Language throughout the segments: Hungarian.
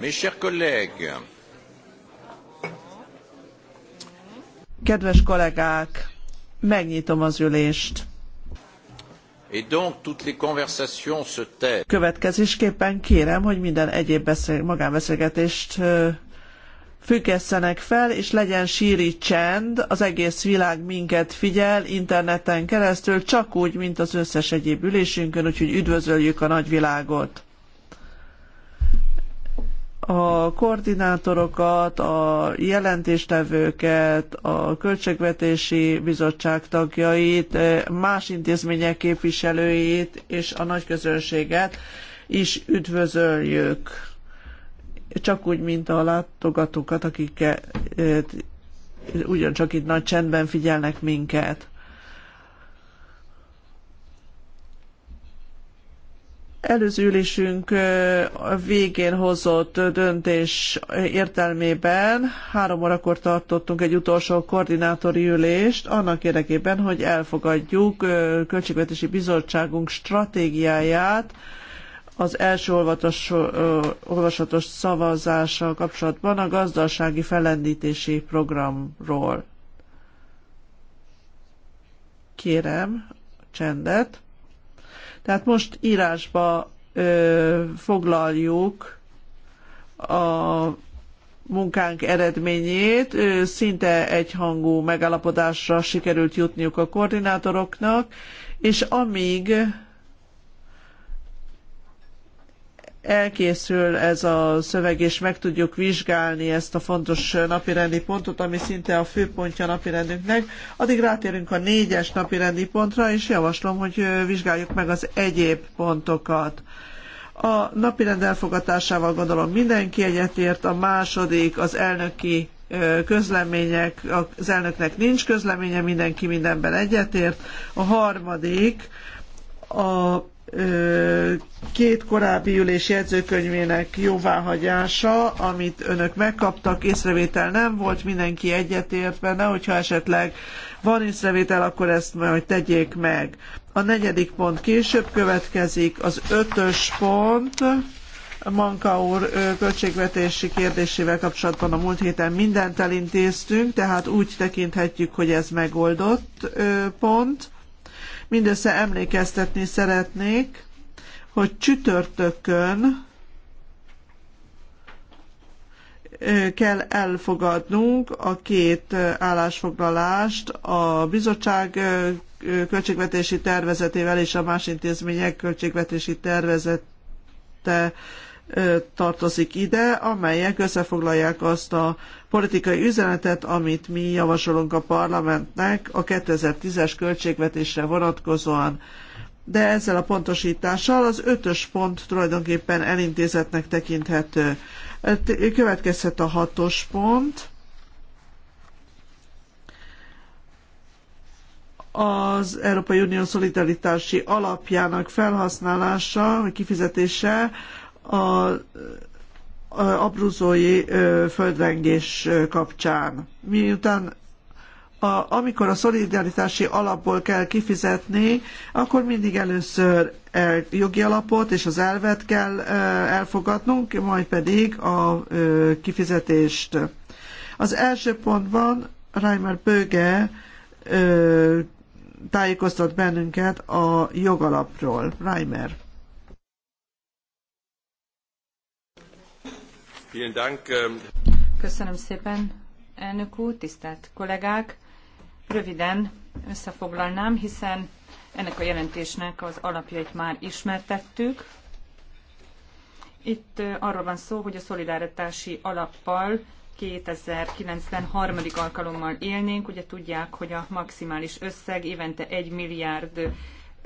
Mes chers collègues. Kedves kollégák, megnyitom az ülést. Et donc toutes les conversations se taisent. Következésképpen kérem, hogy minden egyéb beszél, magánbeszélgetést függesszenek fel, és legyen síri csend, az egész világ minket figyel interneten keresztül, csak úgy, mint az összes egyéb ülésünkön, úgyhogy üdvözöljük a nagyvilágot a koordinátorokat, a jelentéstevőket, a Költségvetési Bizottság tagjait, más intézmények képviselőit és a nagyközönséget is üdvözöljük. Csak úgy, mint a látogatókat, akik eh, ugyancsak itt nagy csendben figyelnek minket. előző ülésünk végén hozott döntés értelmében három órakor tartottunk egy utolsó koordinátori ülést annak érdekében, hogy elfogadjuk Költségvetési Bizottságunk stratégiáját az első olvatos, olvasatos szavazással kapcsolatban a gazdasági fellendítési programról. Kérem csendet. Tehát most írásba ö, foglaljuk a munkánk eredményét. Ö, szinte egyhangú megállapodásra sikerült jutniuk a koordinátoroknak, és amíg elkészül ez a szöveg, és meg tudjuk vizsgálni ezt a fontos napirendi pontot, ami szinte a főpontja napirendünknek. Addig rátérünk a négyes napirendi pontra, és javaslom, hogy vizsgáljuk meg az egyéb pontokat. A napirend elfogadásával gondolom mindenki egyetért, a második az elnöki közlemények, az elnöknek nincs közleménye, mindenki mindenben egyetért. A harmadik a két korábbi ülés jegyzőkönyvének jóváhagyása, amit önök megkaptak, észrevétel nem volt, mindenki egyetért benne, hogyha esetleg van észrevétel, akkor ezt majd tegyék meg. A negyedik pont később következik, az ötös pont, Manka úr költségvetési kérdésével kapcsolatban a múlt héten mindent elintéztünk, tehát úgy tekinthetjük, hogy ez megoldott pont Mindössze emlékeztetni szeretnék, hogy csütörtökön kell elfogadnunk a két állásfoglalást a bizottság költségvetési tervezetével és a más intézmények költségvetési tervezete tartozik ide, amelyek összefoglalják azt a politikai üzenetet, amit mi javasolunk a parlamentnek a 2010-es költségvetésre vonatkozóan. De ezzel a pontosítással az ötös pont tulajdonképpen elintézetnek tekinthető. Következhet a hatos pont. az Európai Unió szolidaritási alapjának felhasználása, vagy kifizetése a abruzói földrengés kapcsán. Miután a, amikor a szolidaritási alapból kell kifizetni, akkor mindig először el, jogi alapot és az elvet kell elfogadnunk, majd pedig a kifizetést. Az első pontban Reimer Böge tájékoztat bennünket a jogalapról. Reimer. Ähm, Köszönöm szépen, elnök úr, tisztelt kollégák! Röviden összefoglalnám, hiszen ennek a jelentésnek az alapjait már ismertettük. Itt arról van szó, hogy a szolidaritási alappal 2009-ben harmadik alkalommal élnénk. Ugye tudják, hogy a maximális összeg évente 1 milliárd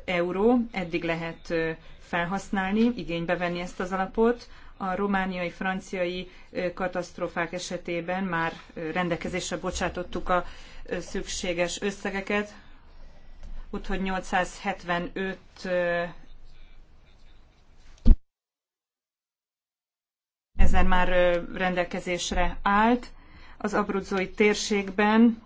euró, eddig lehet felhasználni, igénybe venni ezt az alapot a romániai, franciai katasztrófák esetében már rendelkezésre bocsátottuk a szükséges összegeket, úgyhogy 875 ezer már rendelkezésre állt. Az abruzzói térségben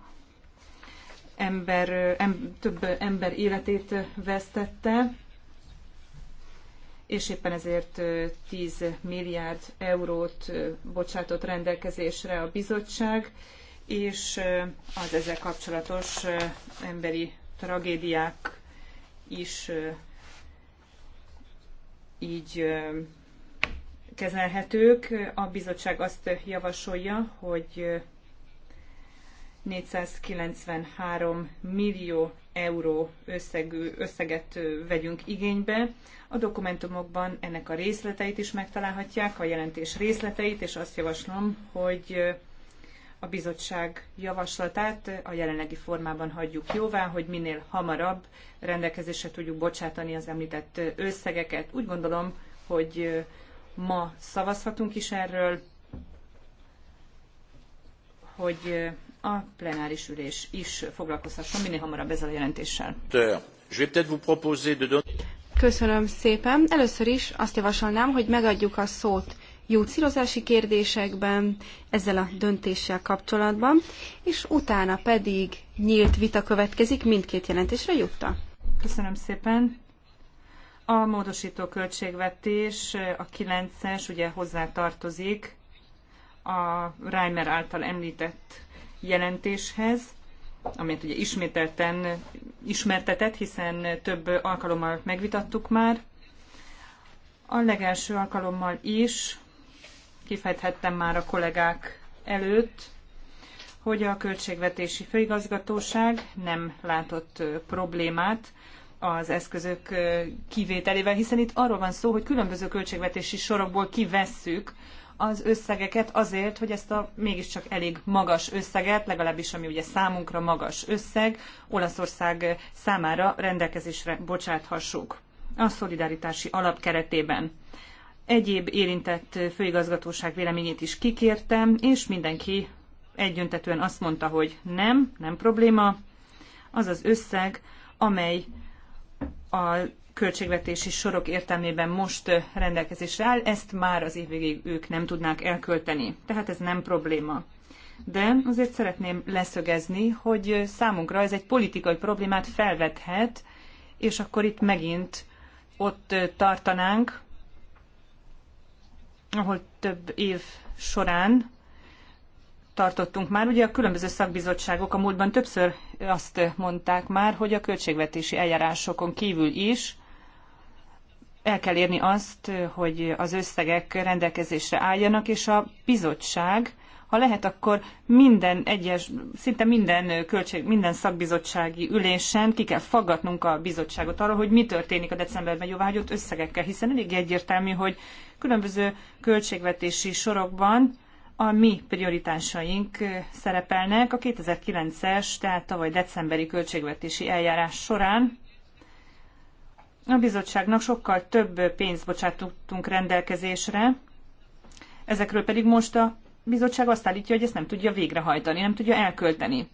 ember, em, több ember életét vesztette, és éppen ezért 10 milliárd eurót bocsátott rendelkezésre a bizottság, és az ezzel kapcsolatos emberi tragédiák is így kezelhetők. A bizottság azt javasolja, hogy 493 millió euró összegű, összeget vegyünk igénybe a dokumentumokban ennek a részleteit is megtalálhatják, a jelentés részleteit, és azt javaslom, hogy a bizottság javaslatát a jelenlegi formában hagyjuk jóvá, hogy minél hamarabb rendelkezésre tudjuk bocsátani az említett összegeket. Úgy gondolom, hogy ma szavazhatunk is erről, hogy a plenáris ülés is foglalkozhasson minél hamarabb ezzel a jelentéssel. Köszönöm szépen. Először is azt javasolnám, hogy megadjuk a szót jócírozási kérdésekben, ezzel a döntéssel kapcsolatban, és utána pedig nyílt vita következik mindkét jelentésre jutta. Köszönöm szépen. A módosító költségvetés a 9-es ugye hozzátartozik a Reimer által említett jelentéshez amelyet ugye ismételten ismertetett, hiszen több alkalommal megvitattuk már. A legelső alkalommal is kifejthettem már a kollégák előtt, hogy a Költségvetési Főigazgatóság nem látott problémát az eszközök kivételével, hiszen itt arról van szó, hogy különböző költségvetési sorokból kivesszük az összegeket azért, hogy ezt a mégiscsak elég magas összeget, legalábbis ami ugye számunkra magas összeg, Olaszország számára rendelkezésre bocsáthassuk a szolidaritási alap keretében. Egyéb érintett főigazgatóság véleményét is kikértem, és mindenki egyöntetően azt mondta, hogy nem, nem probléma, az az összeg, amely a költségvetési sorok értelmében most rendelkezésre áll, ezt már az év végéig ők nem tudnák elkölteni. Tehát ez nem probléma. De azért szeretném leszögezni, hogy számunkra ez egy politikai problémát felvethet, és akkor itt megint ott tartanánk, ahol több év során tartottunk már. Ugye a különböző szakbizottságok a múltban többször azt mondták már, hogy a költségvetési eljárásokon kívül is el kell érni azt, hogy az összegek rendelkezésre álljanak, és a bizottság, ha lehet, akkor minden egyes, szinte minden költség, minden szakbizottsági ülésen ki kell faggatnunk a bizottságot arra, hogy mi történik a decemberben jóváhagyott összegekkel, hiszen elég egyértelmű, hogy különböző költségvetési sorokban a mi prioritásaink szerepelnek a 2009-es, tehát tavaly decemberi költségvetési eljárás során, a bizottságnak sokkal több pénzt bocsátottunk rendelkezésre, ezekről pedig most a bizottság azt állítja, hogy ezt nem tudja végrehajtani, nem tudja elkölteni.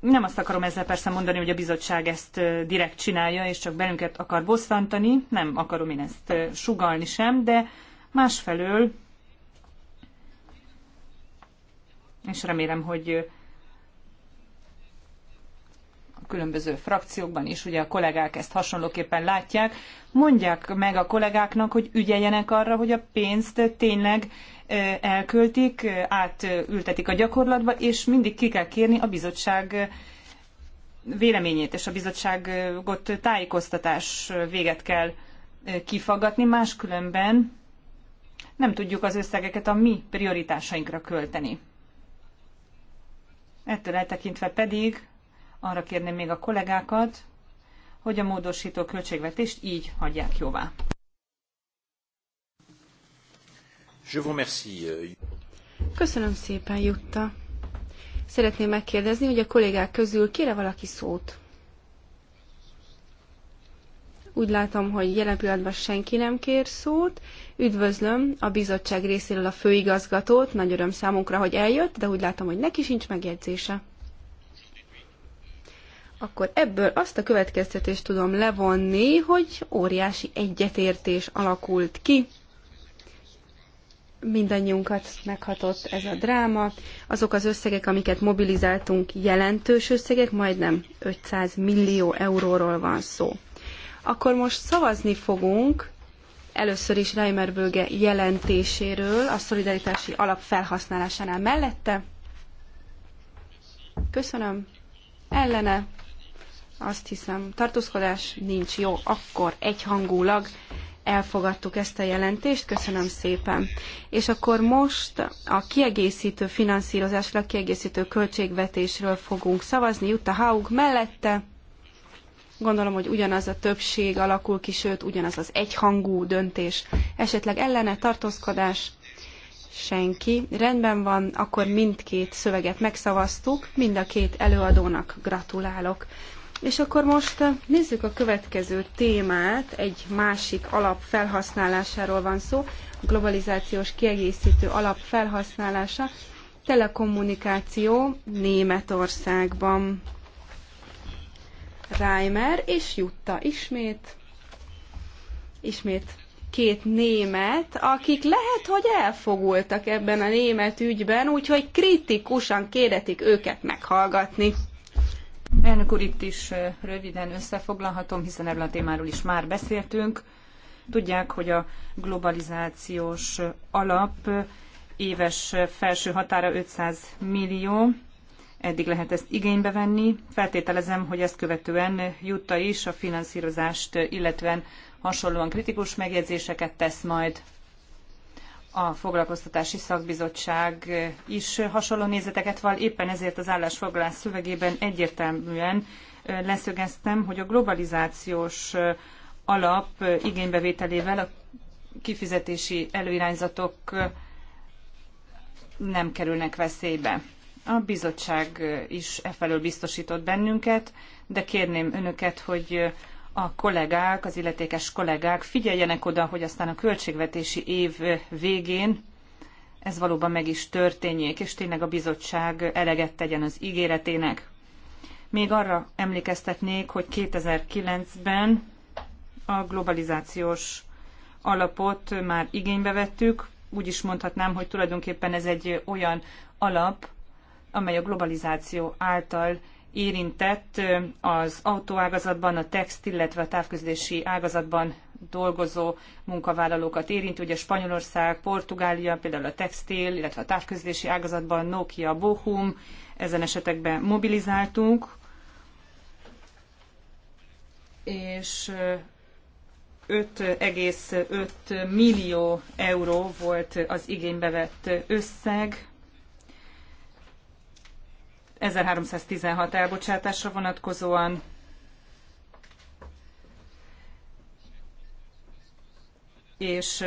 Nem azt akarom ezzel persze mondani, hogy a bizottság ezt direkt csinálja, és csak bennünket akar bosszantani, nem akarom én ezt sugalni sem, de másfelől, és remélem, hogy különböző frakciókban is, ugye a kollégák ezt hasonlóképpen látják, mondják meg a kollégáknak, hogy ügyeljenek arra, hogy a pénzt tényleg elköltik, átültetik a gyakorlatba, és mindig ki kell kérni a bizottság véleményét, és a bizottságot tájékoztatás véget kell kifaggatni, máskülönben nem tudjuk az összegeket a mi prioritásainkra költeni. Ettől eltekintve pedig arra kérném még a kollégákat, hogy a módosító költségvetést így hagyják jóvá. Je vous remercie. Euh, Köszönöm szépen, Jutta. Szeretném megkérdezni, hogy a kollégák közül kére valaki szót? Úgy látom, hogy jelen pillanatban senki nem kér szót. Üdvözlöm a bizottság részéről a főigazgatót. Nagy öröm számunkra, hogy eljött, de úgy látom, hogy neki sincs megjegyzése akkor ebből azt a következtetést tudom levonni, hogy óriási egyetértés alakult ki. Mindannyiunkat meghatott ez a dráma. Azok az összegek, amiket mobilizáltunk, jelentős összegek, majdnem 500 millió euróról van szó. Akkor most szavazni fogunk először is Reimer Böge jelentéséről, a szolidaritási alap felhasználásánál mellette. Köszönöm. Ellene azt hiszem, tartózkodás nincs jó, akkor egyhangulag elfogadtuk ezt a jelentést, köszönöm szépen. És akkor most a kiegészítő finanszírozásra, a kiegészítő költségvetésről fogunk szavazni. Jutta Haug mellette. Gondolom, hogy ugyanaz a többség alakul ki, sőt, ugyanaz az egyhangú döntés. Esetleg ellene tartózkodás? Senki. Rendben van, akkor mindkét szöveget megszavaztuk, mind a két előadónak gratulálok. És akkor most eh, nézzük a következő témát, egy másik alap felhasználásáról van szó, globalizációs kiegészítő alap felhasználása, telekommunikáció Németországban. Reimer és Jutta ismét, ismét két német, akik lehet, hogy elfogultak ebben a német ügyben, úgyhogy kritikusan kéretik őket meghallgatni. Elnök úr, itt is röviden összefoglalhatom, hiszen erről a témáról is már beszéltünk. Tudják, hogy a globalizációs alap éves felső határa 500 millió, eddig lehet ezt igénybe venni. Feltételezem, hogy ezt követően Jutta is a finanszírozást, illetve hasonlóan kritikus megjegyzéseket tesz majd a foglalkoztatási szakbizottság is hasonló nézeteket val, éppen ezért az állásfoglalás szövegében egyértelműen leszögeztem, hogy a globalizációs alap igénybevételével a kifizetési előirányzatok nem kerülnek veszélybe. A bizottság is efelől biztosított bennünket, de kérném önöket, hogy a kollégák, az illetékes kollégák figyeljenek oda, hogy aztán a költségvetési év végén ez valóban meg is történjék, és tényleg a bizottság eleget tegyen az ígéretének. Még arra emlékeztetnék, hogy 2009-ben a globalizációs alapot már igénybe vettük. Úgy is mondhatnám, hogy tulajdonképpen ez egy olyan alap, amely a globalizáció által érintett az autóágazatban, a textil, illetve a távközlési ágazatban dolgozó munkavállalókat érinti. Ugye Spanyolország, Portugália, például a textil, illetve a távközlési ágazatban Nokia, Bochum, ezen esetekben mobilizáltunk, és 5,5 millió euró volt az igénybe vett összeg, 1316 elbocsátásra vonatkozóan és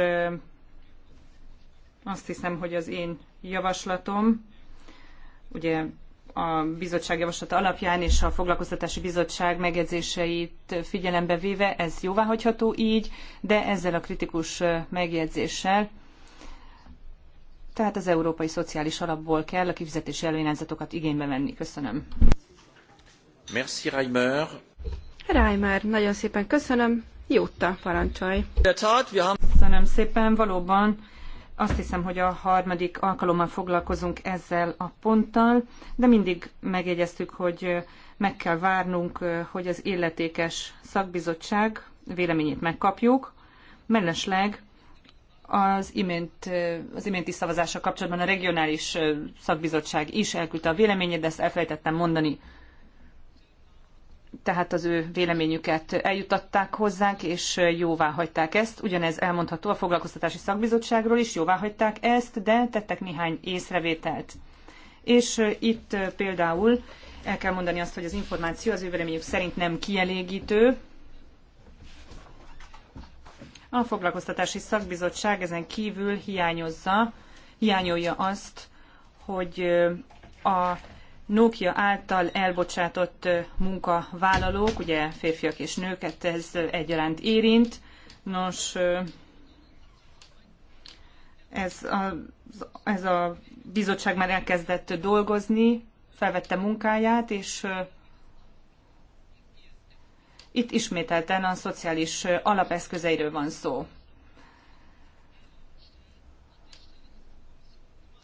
azt hiszem, hogy az én javaslatom, ugye a bizottság javaslata alapján és a foglalkoztatási bizottság megjegyzéseit figyelembe véve ez jóváhagyható így, de ezzel a kritikus megjegyzéssel tehát az Európai Szociális Alapból kell a kifizetési előirányzatokat igénybe venni. Köszönöm. Merci, Reimer. Reimer, nagyon szépen köszönöm. Jutta, parancsolj. Köszönöm szépen, valóban azt hiszem, hogy a harmadik alkalommal foglalkozunk ezzel a ponttal, de mindig megjegyeztük, hogy meg kell várnunk, hogy az illetékes szakbizottság véleményét megkapjuk. Mellesleg az, imént, az iménti szavazással kapcsolatban a regionális szakbizottság is elküldte a véleményét, de ezt elfelejtettem mondani. Tehát az ő véleményüket eljutatták hozzánk, és jóvá hagyták ezt. Ugyanez elmondható a foglalkoztatási szakbizottságról is, jóvá hagyták ezt, de tettek néhány észrevételt. És itt például el kell mondani azt, hogy az információ az ő véleményük szerint nem kielégítő, a foglalkoztatási szakbizottság ezen kívül hiányozza, hiányolja azt, hogy a Nokia által elbocsátott munkavállalók, ugye férfiak és nőket ez egyaránt érint. Nos, ez a, ez a bizottság már elkezdett dolgozni, felvette munkáját, és itt ismételten a szociális alapeszközeiről van szó.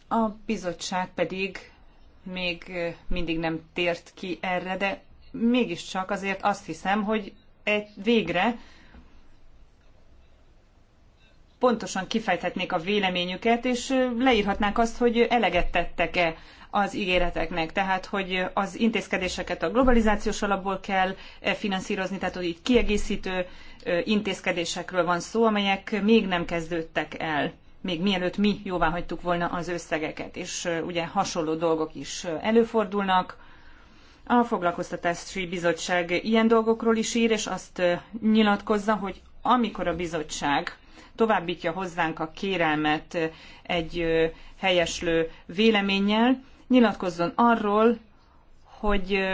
A bizottság pedig még mindig nem tért ki erre, de mégiscsak azért azt hiszem, hogy egy végre pontosan kifejthetnék a véleményüket, és leírhatnák azt, hogy eleget tettek-e az ígéreteknek. Tehát, hogy az intézkedéseket a globalizációs alapból kell eh, finanszírozni, tehát, hogy itt kiegészítő eh, intézkedésekről van szó, amelyek még nem kezdődtek el még mielőtt mi jóvá hagytuk volna az összegeket, és eh, ugye hasonló dolgok is előfordulnak. A Foglalkoztatási Bizottság ilyen dolgokról is ír, és azt nyilatkozza, hogy amikor a bizottság továbbítja hozzánk a kérelmet egy helyeslő véleménnyel, nyilatkozzon arról, hogy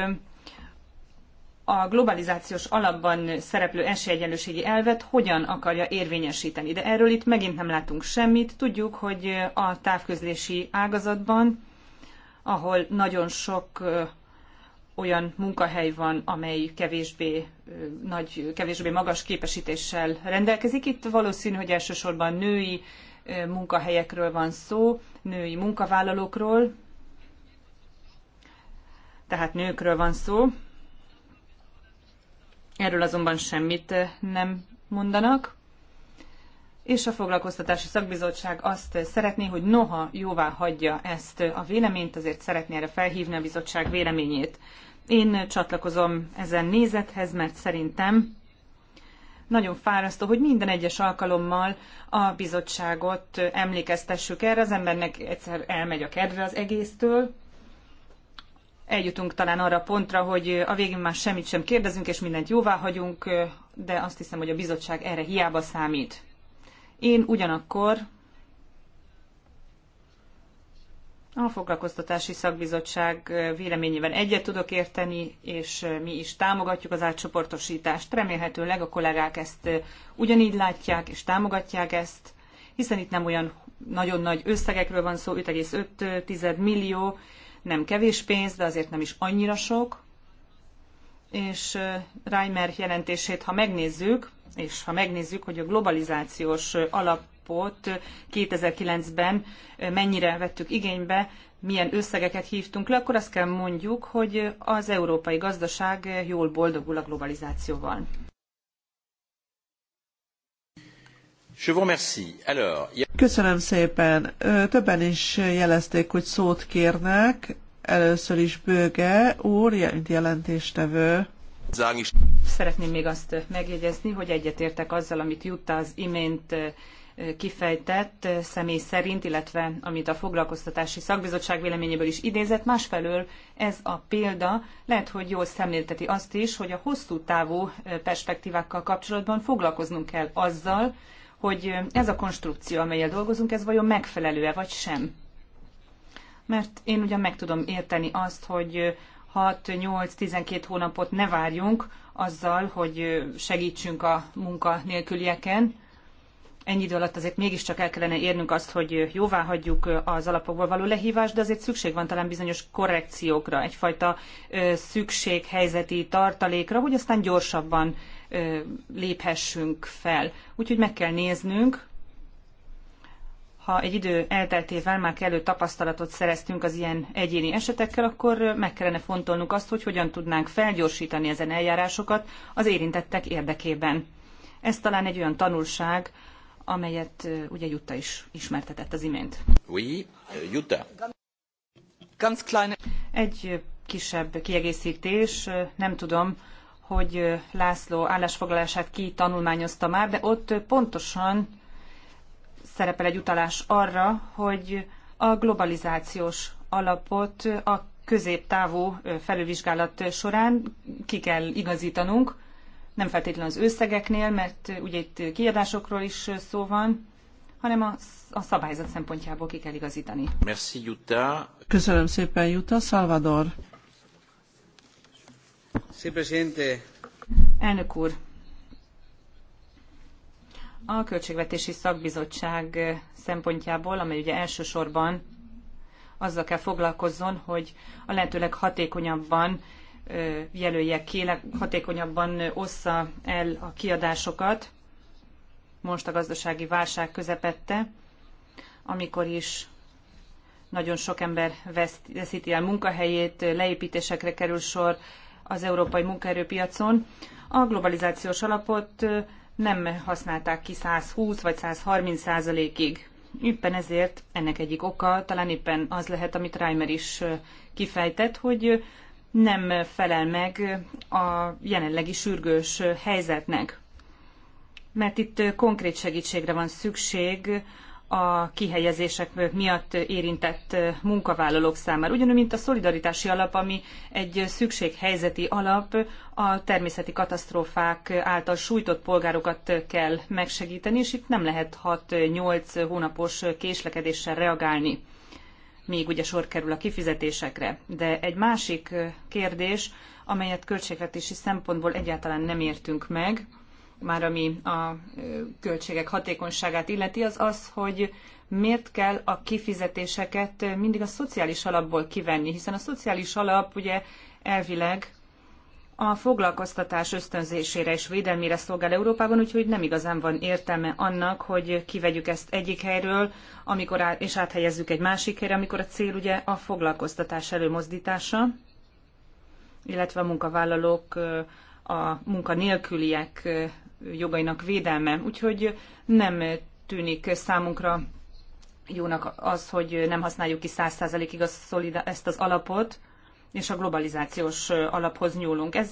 a globalizációs alapban szereplő esélyegyenlőségi elvet hogyan akarja érvényesíteni. De erről itt megint nem látunk semmit. Tudjuk, hogy a távközlési ágazatban, ahol nagyon sok olyan munkahely van, amely kevésbé nagy, kevésbé magas képesítéssel rendelkezik. Itt valószínű, hogy elsősorban női munkahelyekről van szó, női munkavállalókról, tehát nőkről van szó. Erről azonban semmit eh, nem mondanak. És a foglalkoztatási szakbizottság azt szeretné, hogy noha jóvá hagyja ezt a véleményt, azért szeretné erre felhívni a bizottság véleményét. Én csatlakozom ezen nézethez, mert szerintem nagyon fárasztó, hogy minden egyes alkalommal a bizottságot emlékeztessük erre. Az embernek egyszer elmegy a kedve az egésztől, eljutunk talán arra a pontra, hogy a végén már semmit sem kérdezünk, és mindent jóvá hagyunk, de azt hiszem, hogy a bizottság erre hiába számít. Én ugyanakkor a foglalkoztatási szakbizottság véleményében egyet tudok érteni, és mi is támogatjuk az átcsoportosítást. Remélhetőleg a kollégák ezt ugyanígy látják és támogatják ezt, hiszen itt nem olyan nagyon nagy összegekről van szó, 5,5 millió, nem kevés pénz, de azért nem is annyira sok. És Reimer jelentését, ha megnézzük, és ha megnézzük, hogy a globalizációs alapot 2009-ben mennyire vettük igénybe, milyen összegeket hívtunk le, akkor azt kell mondjuk, hogy az európai gazdaság jól boldogul a globalizációval. Köszönöm szépen. Többen is jelezték, hogy szót kérnek. Először is Bőge úr, jelentéstevő. Szeretném még azt megjegyezni, hogy egyetértek azzal, amit Jutta az imént kifejtett személy szerint, illetve amit a foglalkoztatási szakbizottság véleményéből is idézett. Másfelől ez a példa lehet, hogy jól szemlélteti azt is, hogy a hosszú távú perspektívákkal kapcsolatban foglalkoznunk kell azzal, hogy ez a konstrukció, amelyel dolgozunk, ez vajon megfelelő-e vagy sem. Mert én ugyan meg tudom érteni azt, hogy 6-8-12 hónapot ne várjunk azzal, hogy segítsünk a munka nélkülieken. ennyi idő alatt azért mégiscsak el kellene érnünk azt, hogy jóvá hagyjuk az alapokból való lehívást, de azért szükség van talán bizonyos korrekciókra, egyfajta szükséghelyzeti tartalékra, hogy aztán gyorsabban léphessünk fel. Úgyhogy meg kell néznünk, ha egy idő elteltével már kellő tapasztalatot szereztünk az ilyen egyéni esetekkel, akkor meg kellene fontolnunk azt, hogy hogyan tudnánk felgyorsítani ezen eljárásokat az érintettek érdekében. Ez talán egy olyan tanulság, amelyet ugye Jutta is ismertetett az imént. Oui, Jutta. Egy kisebb kiegészítés, nem tudom, hogy László állásfoglalását ki tanulmányozta már, de ott pontosan szerepel egy utalás arra, hogy a globalizációs alapot a középtávú felülvizsgálat során ki kell igazítanunk, nem feltétlenül az összegeknél, mert ugye itt kiadásokról is szó van, hanem a, a szabályzat szempontjából ki kell igazítani. Merci, Jutta. Köszönöm szépen, Jutta. Salvador. Elnök úr, a Költségvetési Szakbizottság szempontjából, amely ugye elsősorban azzal kell foglalkozzon, hogy a lehető hatékonyabban jelölje ki, hatékonyabban ossza el a kiadásokat, most a gazdasági válság közepette, amikor is nagyon sok ember veszíti el munkahelyét, leépítésekre kerül sor, az európai munkaerőpiacon. A globalizációs alapot nem használták ki 120 vagy 130 százalékig. Éppen ezért ennek egyik oka talán éppen az lehet, amit Reimer is kifejtett, hogy nem felel meg a jelenlegi sürgős helyzetnek. Mert itt konkrét segítségre van szükség a kihelyezések miatt érintett munkavállalók számára. Ugyanúgy, mint a szolidaritási alap, ami egy szükséghelyzeti alap, a természeti katasztrófák által sújtott polgárokat kell megsegíteni, és itt nem lehet 6-8 hónapos késlekedéssel reagálni még ugye sor kerül a kifizetésekre. De egy másik kérdés, amelyet költségvetési szempontból egyáltalán nem értünk meg, már ami a költségek hatékonyságát illeti, az az, hogy miért kell a kifizetéseket mindig a szociális alapból kivenni, hiszen a szociális alap ugye elvileg a foglalkoztatás ösztönzésére és védelmére szolgál Európában, úgyhogy nem igazán van értelme annak, hogy kivegyük ezt egyik helyről, amikor á- és áthelyezzük egy másik helyre, amikor a cél ugye a foglalkoztatás előmozdítása, illetve a munkavállalók, a munkanélküliek jogainak védelme. Úgyhogy nem tűnik számunkra jónak az, hogy nem használjuk ki 100%-ig ezt az alapot, és a globalizációs alaphoz nyúlunk. Ez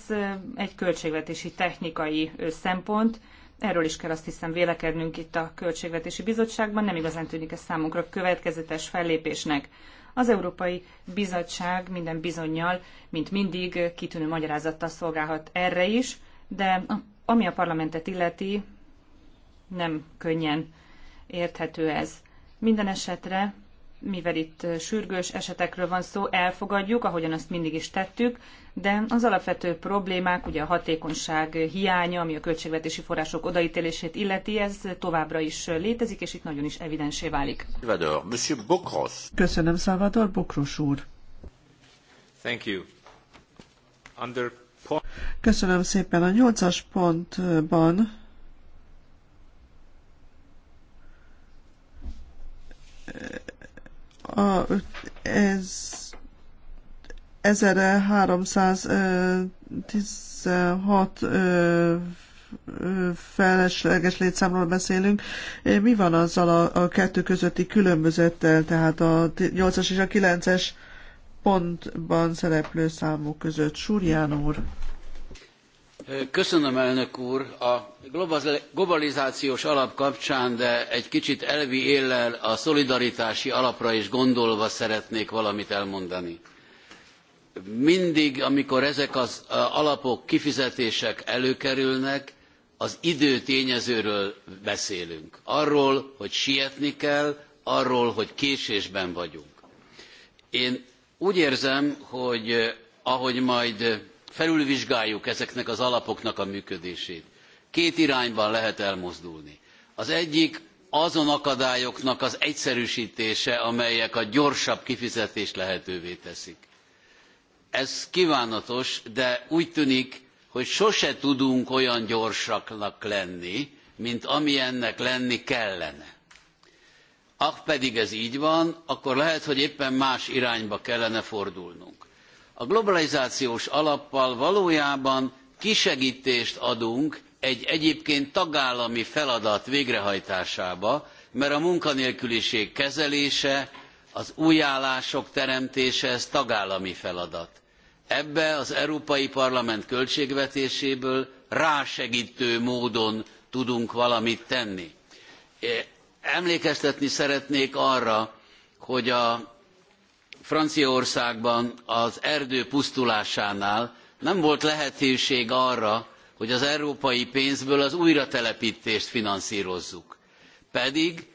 egy költségvetési technikai szempont, erről is kell azt hiszem vélekednünk itt a Költségvetési Bizottságban, nem igazán tűnik ez számunkra következetes fellépésnek. Az Európai Bizottság minden bizonyal, mint mindig, kitűnő magyarázattal szolgálhat erre is, de a ami a parlamentet illeti, nem könnyen érthető ez. Minden esetre, mivel itt sürgős esetekről van szó, elfogadjuk, ahogyan azt mindig is tettük, de az alapvető problémák, ugye a hatékonyság hiánya, ami a költségvetési források odaítélését illeti, ez továbbra is létezik, és itt nagyon is evidensé válik. Köszönöm, Salvador Bokros úr. Thank you. Under Köszönöm szépen. A nyolcas pontban a, ez 1316 felesleges létszámról beszélünk. Mi van azzal a, a kettő közötti különbözettel, tehát a 8-as és a 9-es pontban szereplő számok között. Súrján úr. Köszönöm, elnök úr. A globalizációs alap kapcsán, de egy kicsit elvi éllel a szolidaritási alapra is gondolva szeretnék valamit elmondani. Mindig, amikor ezek az alapok, kifizetések előkerülnek, az idő tényezőről beszélünk. Arról, hogy sietni kell, arról, hogy késésben vagyunk. Én úgy érzem, hogy eh, ahogy majd eh, felülvizsgáljuk ezeknek az alapoknak a működését, két irányban lehet elmozdulni. Az egyik azon akadályoknak az egyszerűsítése, amelyek a gyorsabb kifizetést lehetővé teszik. Ez kívánatos, de úgy tűnik, hogy sose tudunk olyan gyorsaknak lenni, mint amilyennek lenni kellene. Ha pedig ez így van, akkor lehet, hogy éppen más irányba kellene fordulnunk. A globalizációs alappal valójában kisegítést adunk egy egyébként tagállami feladat végrehajtásába, mert a munkanélküliség kezelése, az új állások teremtése, ez tagállami feladat. Ebbe az Európai Parlament költségvetéséből rásegítő módon tudunk valamit tenni. Emlékeztetni szeretnék arra, hogy a Franciaországban az erdő pusztulásánál nem volt lehetőség arra, hogy az európai pénzből az újratelepítést finanszírozzuk. Pedig,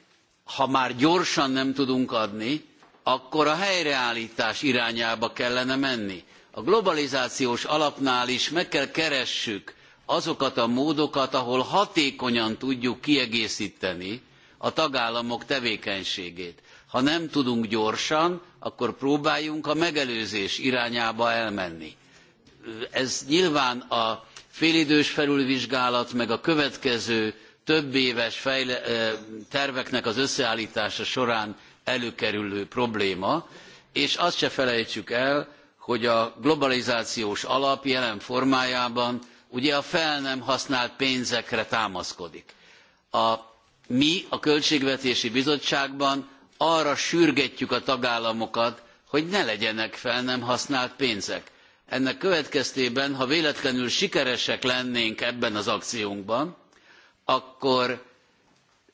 ha már gyorsan nem tudunk adni, akkor a helyreállítás irányába kellene menni. A globalizációs alapnál is meg kell keressük azokat a módokat, ahol hatékonyan tudjuk kiegészíteni a tagállamok tevékenységét. Ha nem tudunk gyorsan, akkor próbáljunk a megelőzés irányába elmenni. Ez nyilván a félidős felülvizsgálat, meg a következő több éves fejle, terveknek az összeállítása során előkerülő probléma, és azt se felejtsük el, hogy a globalizációs alap jelen formájában ugye a fel nem használt pénzekre támaszkodik. A mi a Költségvetési Bizottságban arra sürgetjük a tagállamokat, hogy ne legyenek fel nem használt pénzek. Ennek következtében, ha véletlenül sikeresek lennénk ebben az akciónkban, akkor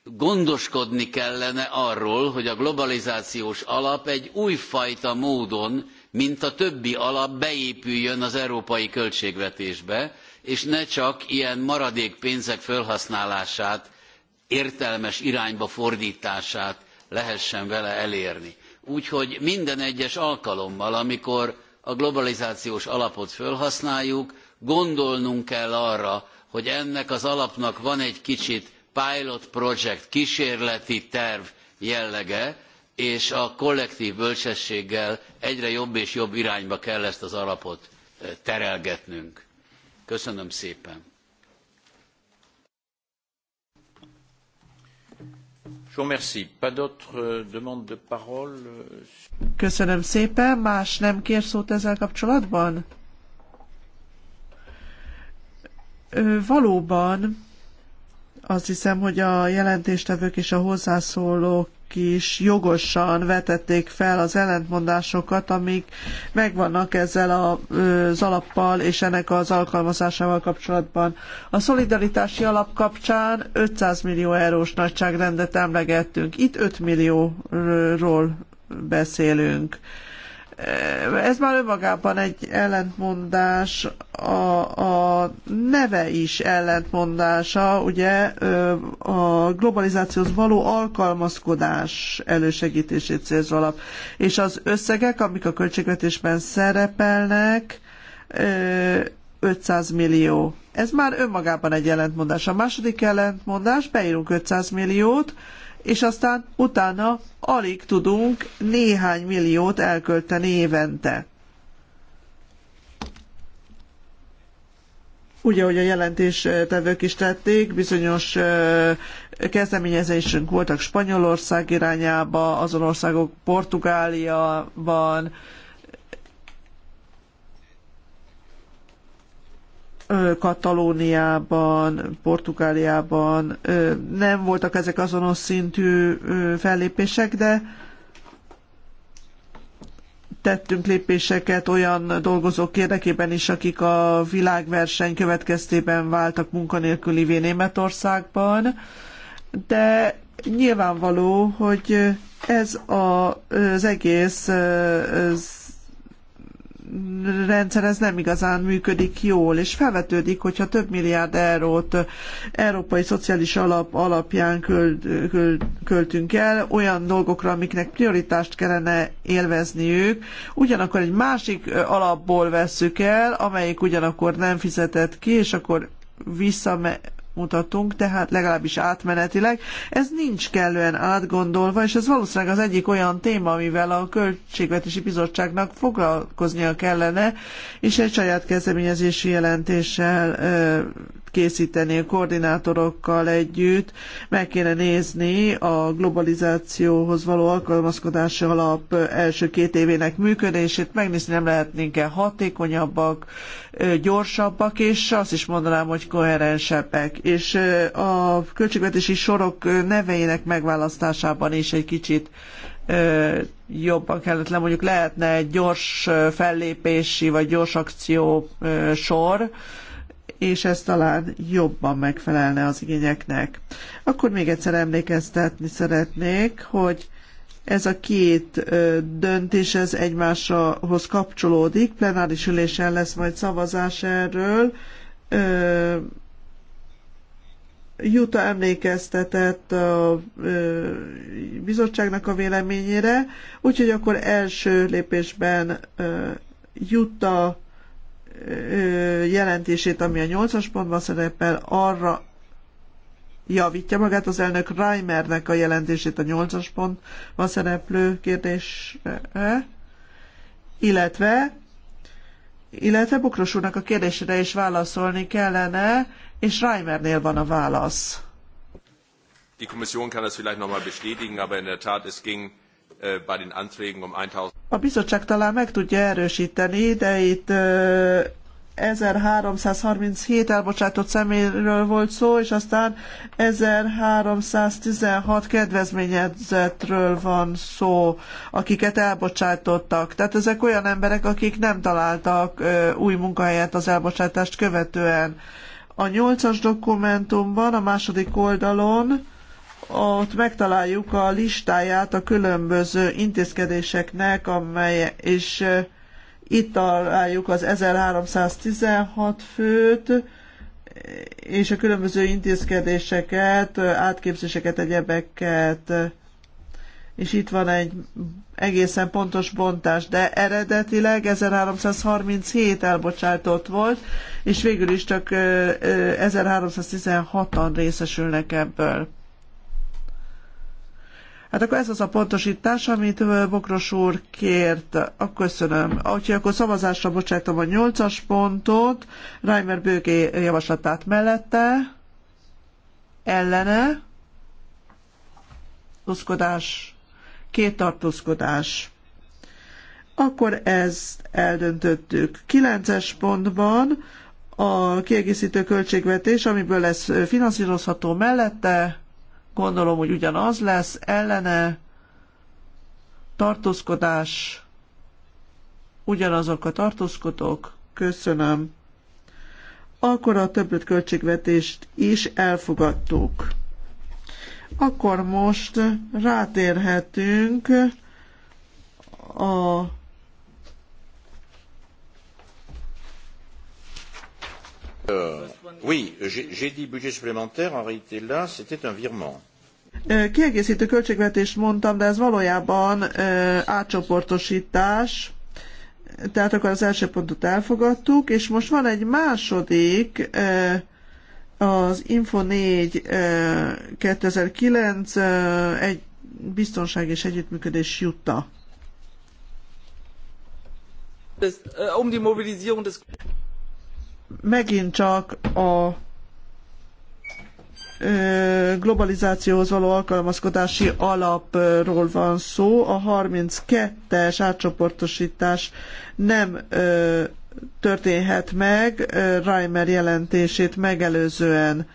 gondoskodni kellene arról, hogy a globalizációs alap egy újfajta módon, mint a többi alap beépüljön az európai költségvetésbe, és ne csak ilyen maradék pénzek felhasználását értelmes irányba fordítását lehessen vele elérni. Úgyhogy minden egyes alkalommal, amikor a globalizációs alapot fölhasználjuk, gondolnunk kell arra, hogy ennek az alapnak van egy kicsit pilot project, kísérleti terv jellege, és a kollektív bölcsességgel egyre jobb és jobb irányba kell ezt az alapot terelgetnünk. Köszönöm szépen! Euh, euh, Köszönöm szépen. Más nem kér szót ezzel kapcsolatban? valóban azt hiszem, hogy a jelentéstevők és a hozzászólók is jogosan vetették fel az ellentmondásokat, amik megvannak ezzel az alappal és ennek az alkalmazásával kapcsolatban. A szolidaritási alap kapcsán 500 millió eurós nagyságrendet emlegettünk. Itt 5 millióról beszélünk ez már önmagában egy ellentmondás, a, a neve is ellentmondása, ugye a globalizációhoz való alkalmazkodás elősegítését célzó alap. És az összegek, amik a költségvetésben szerepelnek, 500 millió. Ez már önmagában egy ellentmondás. A második ellentmondás, beírunk 500 milliót, és aztán utána alig tudunk néhány milliót elkölteni évente. Ugye, ahogy a jelentéstevők is tették, bizonyos kezdeményezésünk voltak Spanyolország irányába, azon országok Portugáliában, Katalóniában, Portugáliában nem voltak ezek azonos szintű fellépések, de tettünk lépéseket olyan dolgozók érdekében is, akik a világverseny következtében váltak munkanélkülivé Németországban, de nyilvánvaló, hogy ez a, az egész rendszer ez nem igazán működik jól, és felvetődik, hogyha több milliárd eurót Európai Szociális Alap alapján költ, költ, költünk el olyan dolgokra, amiknek prioritást kellene élvezniük, ugyanakkor egy másik alapból vesszük el, amelyik ugyanakkor nem fizetett ki, és akkor vissza mutatunk, tehát legalábbis átmenetileg. Ez nincs kellően átgondolva, és ez valószínűleg az egyik olyan téma, amivel a Költségvetési Bizottságnak foglalkoznia kellene, és egy saját kezdeményezési jelentéssel ö, készíteni a koordinátorokkal együtt. Meg kéne nézni a globalizációhoz való alkalmazkodási alap első két évének működését, megnézni nem lehetnénk-e hatékonyabbak, gyorsabbak, és azt is mondanám, hogy koherensebbek. És a költségvetési sorok neveinek megválasztásában is egy kicsit jobban kellett le, mondjuk lehetne egy gyors fellépési vagy gyors akció sor, és ez talán jobban megfelelne az igényeknek. Akkor még egyszer emlékeztetni szeretnék, hogy ez a két döntés ez egymáshoz kapcsolódik, plenáris ülésen lesz majd szavazás erről. Juta emlékeztetett a bizottságnak a véleményére, úgyhogy akkor első lépésben Juta jelentését, ami a 8-as pontban szerepel, arra javítja magát az elnök Reimernek a jelentését a 8-as pontban szereplő kérdésre, illetve illetve Bokros úrnak a kérdésére is válaszolni kellene, és Reimernél van a válasz. Die Kommission kann das vielleicht mal bestätigen, aber in der Tat, es ging Äh, bei den Anträgen um 1000. A bizottság talán meg tudja erősíteni, de itt 1337 äh, elbocsátott személyről volt szó, és aztán 1316 kedvezményezetről van szó, akiket elbocsátottak. Tehát ezek olyan emberek, akik nem találtak új munkahelyet az elbocsátást követően. A nyolcas dokumentumban, a második oldalon ott megtaláljuk a listáját a különböző intézkedéseknek, amely, és itt találjuk az 1316 főt, és a különböző intézkedéseket, átképzéseket, egyebeket. És itt van egy egészen pontos bontás, de eredetileg 1337 elbocsátott volt, és végül is csak 1316-an részesülnek ebből. Hát akkor ez az a pontosítás, amit Bokros úr kért. A köszönöm. Úgyhogy akkor szavazásra bocsátom a nyolcas pontot, Reimer Bőgé javaslatát mellette, ellene, Tuszkodás. két tartózkodás. Akkor ezt eldöntöttük. Kilences pontban a kiegészítő költségvetés, amiből lesz finanszírozható mellette, gondolom, hogy ugyanaz lesz, ellene tartózkodás, ugyanazok a tartózkodók, köszönöm. Akkor a többet költségvetést is elfogadtuk. Akkor most rátérhetünk a Uh Kiegészítő költségvetést mondtam, de ez valójában átcsoportosítás. Tehát akkor az első pontot elfogadtuk, és most van egy második, az Info 4 2009 egy biztonság és együttműködés jutta. Um megint csak a globalizációhoz való alkalmazkodási alapról van szó. A 32-es átcsoportosítás nem történhet meg Reimer jelentését megelőzően.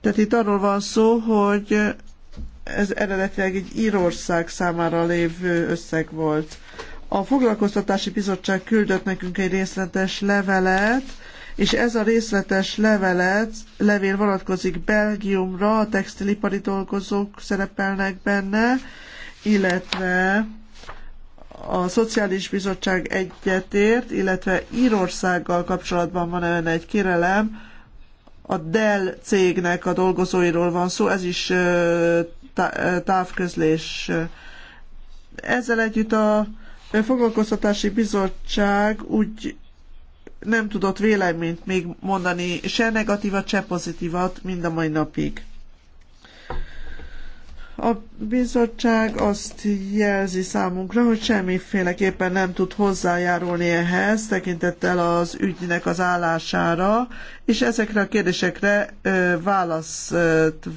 Tehát itt arról van szó, hogy ez eredetileg egy Írország számára lévő összeg volt. A foglalkoztatási bizottság küldött nekünk egy részletes levelet, és ez a részletes levelet, levél vonatkozik Belgiumra, a textilipari dolgozók szerepelnek benne, illetve a Szociális Bizottság egyetért, illetve Írországgal kapcsolatban van ellen egy kérelem, a Dell cégnek a dolgozóiról van szó, ez is távközlés. Ezzel együtt a Foglalkoztatási Bizottság úgy nem tudott véleményt még mondani, se negatívat, se pozitívat, mind a mai napig. A bizottság azt jelzi számunkra, hogy semmiféleképpen nem tud hozzájárulni ehhez, tekintettel az ügynek az állására, és ezekre a kérdésekre ö, választ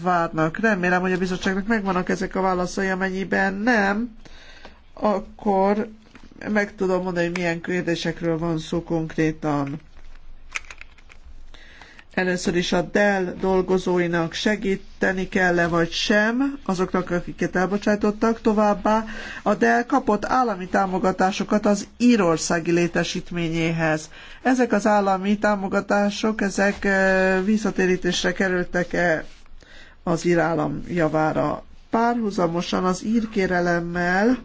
várnak. Remélem, hogy a bizottságnak megvannak ezek a válaszai, amennyiben nem, akkor meg tudom mondani, hogy milyen kérdésekről van szó konkrétan. Először is a Dell dolgozóinak segíteni kell-e vagy sem, azoknak, akiket elbocsátottak továbbá. A Dell kapott állami támogatásokat az írországi létesítményéhez. Ezek az állami támogatások, ezek visszatérítésre kerültek-e az írállam javára? Párhuzamosan az írkérelemmel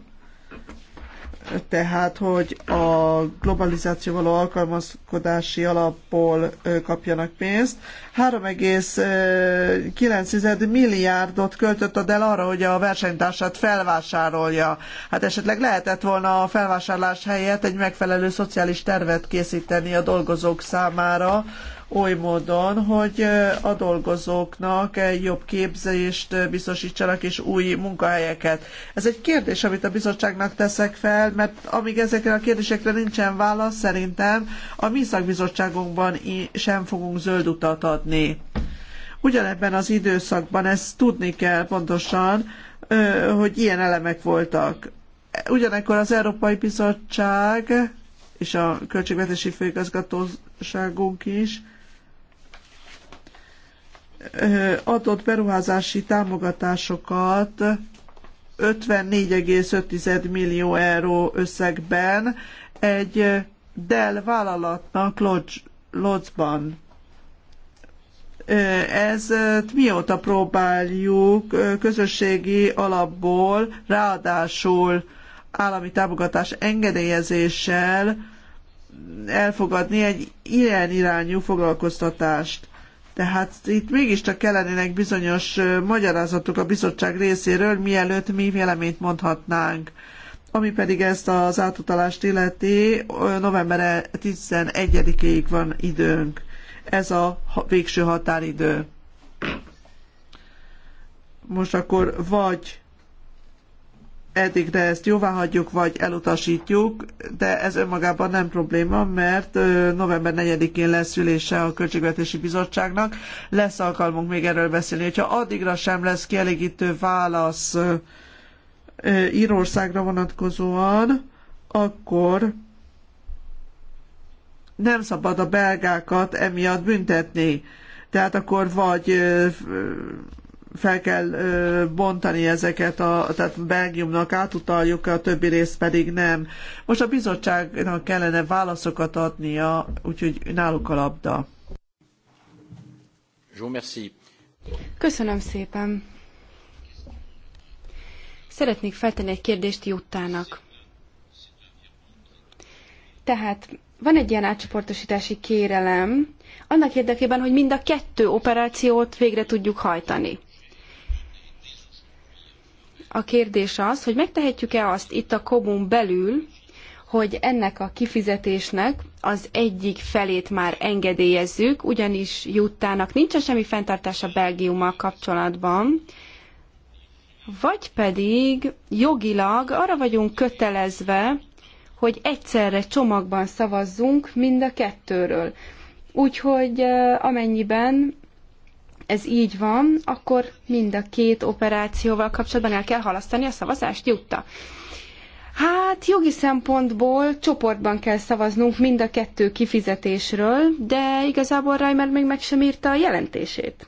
tehát, hogy a globalizáció való alkalmazkodási alapból kapjanak pénzt. 3,9 milliárdot költött a el arra, hogy a versenytársát felvásárolja. Hát esetleg lehetett volna a felvásárlás helyett egy megfelelő szociális tervet készíteni a dolgozók számára, oly módon, hogy a dolgozóknak egy jobb képzést biztosítsanak és új munkahelyeket. Ez egy kérdés, amit a bizottságnak teszek fel, mert amíg ezekre a kérdésekre nincsen válasz, szerintem a mi szakbizottságunkban sem fogunk zöld utat adni. Ugyanebben az időszakban ezt tudni kell pontosan, hogy ilyen elemek voltak. Ugyanakkor az Európai Bizottság és a Költségvetési Főigazgatóságunk is adott beruházási támogatásokat 54,5 millió euró összegben egy Dell vállalatnak Lodzban. Ez mióta próbáljuk közösségi alapból, ráadásul állami támogatás engedélyezéssel elfogadni egy ilyen irányú foglalkoztatást. Tehát itt mégiscsak kellenének bizonyos magyarázatok a bizottság részéről, mielőtt mi véleményt mondhatnánk. Ami pedig ezt az átutalást illeti, november 11-ig van időnk. Ez a végső határidő. Most akkor vagy de ezt jóváhagyjuk vagy elutasítjuk, de ez önmagában nem probléma, mert november 4-én lesz ülése a Költségvetési Bizottságnak. Lesz alkalmunk még erről beszélni. Hogyha addigra sem lesz kielégítő válasz Írországra vonatkozóan, akkor nem szabad a belgákat emiatt büntetni. Tehát akkor vagy fel kell bontani ezeket, a, tehát Belgiumnak átutaljuk, a többi részt pedig nem. Most a bizottságnak kellene válaszokat adnia, úgyhogy náluk a labda. Köszönöm szépen. Szeretnék feltenni egy kérdést Juttának. Tehát van egy ilyen átcsoportosítási kérelem, annak érdekében, hogy mind a kettő operációt végre tudjuk hajtani. A kérdés az, hogy megtehetjük-e azt itt a kobun belül, hogy ennek a kifizetésnek az egyik felét már engedélyezzük, ugyanis Juttának nincsen semmi fenntartása Belgiummal kapcsolatban, vagy pedig jogilag arra vagyunk kötelezve, hogy egyszerre csomagban szavazzunk mind a kettőről. Úgyhogy eh, amennyiben ez így van, akkor mind a két operációval kapcsolatban el kell halasztani a szavazást, jutta. Hát jogi szempontból csoportban kell szavaznunk mind a kettő kifizetésről, de igazából Reimer még meg sem írta a jelentését.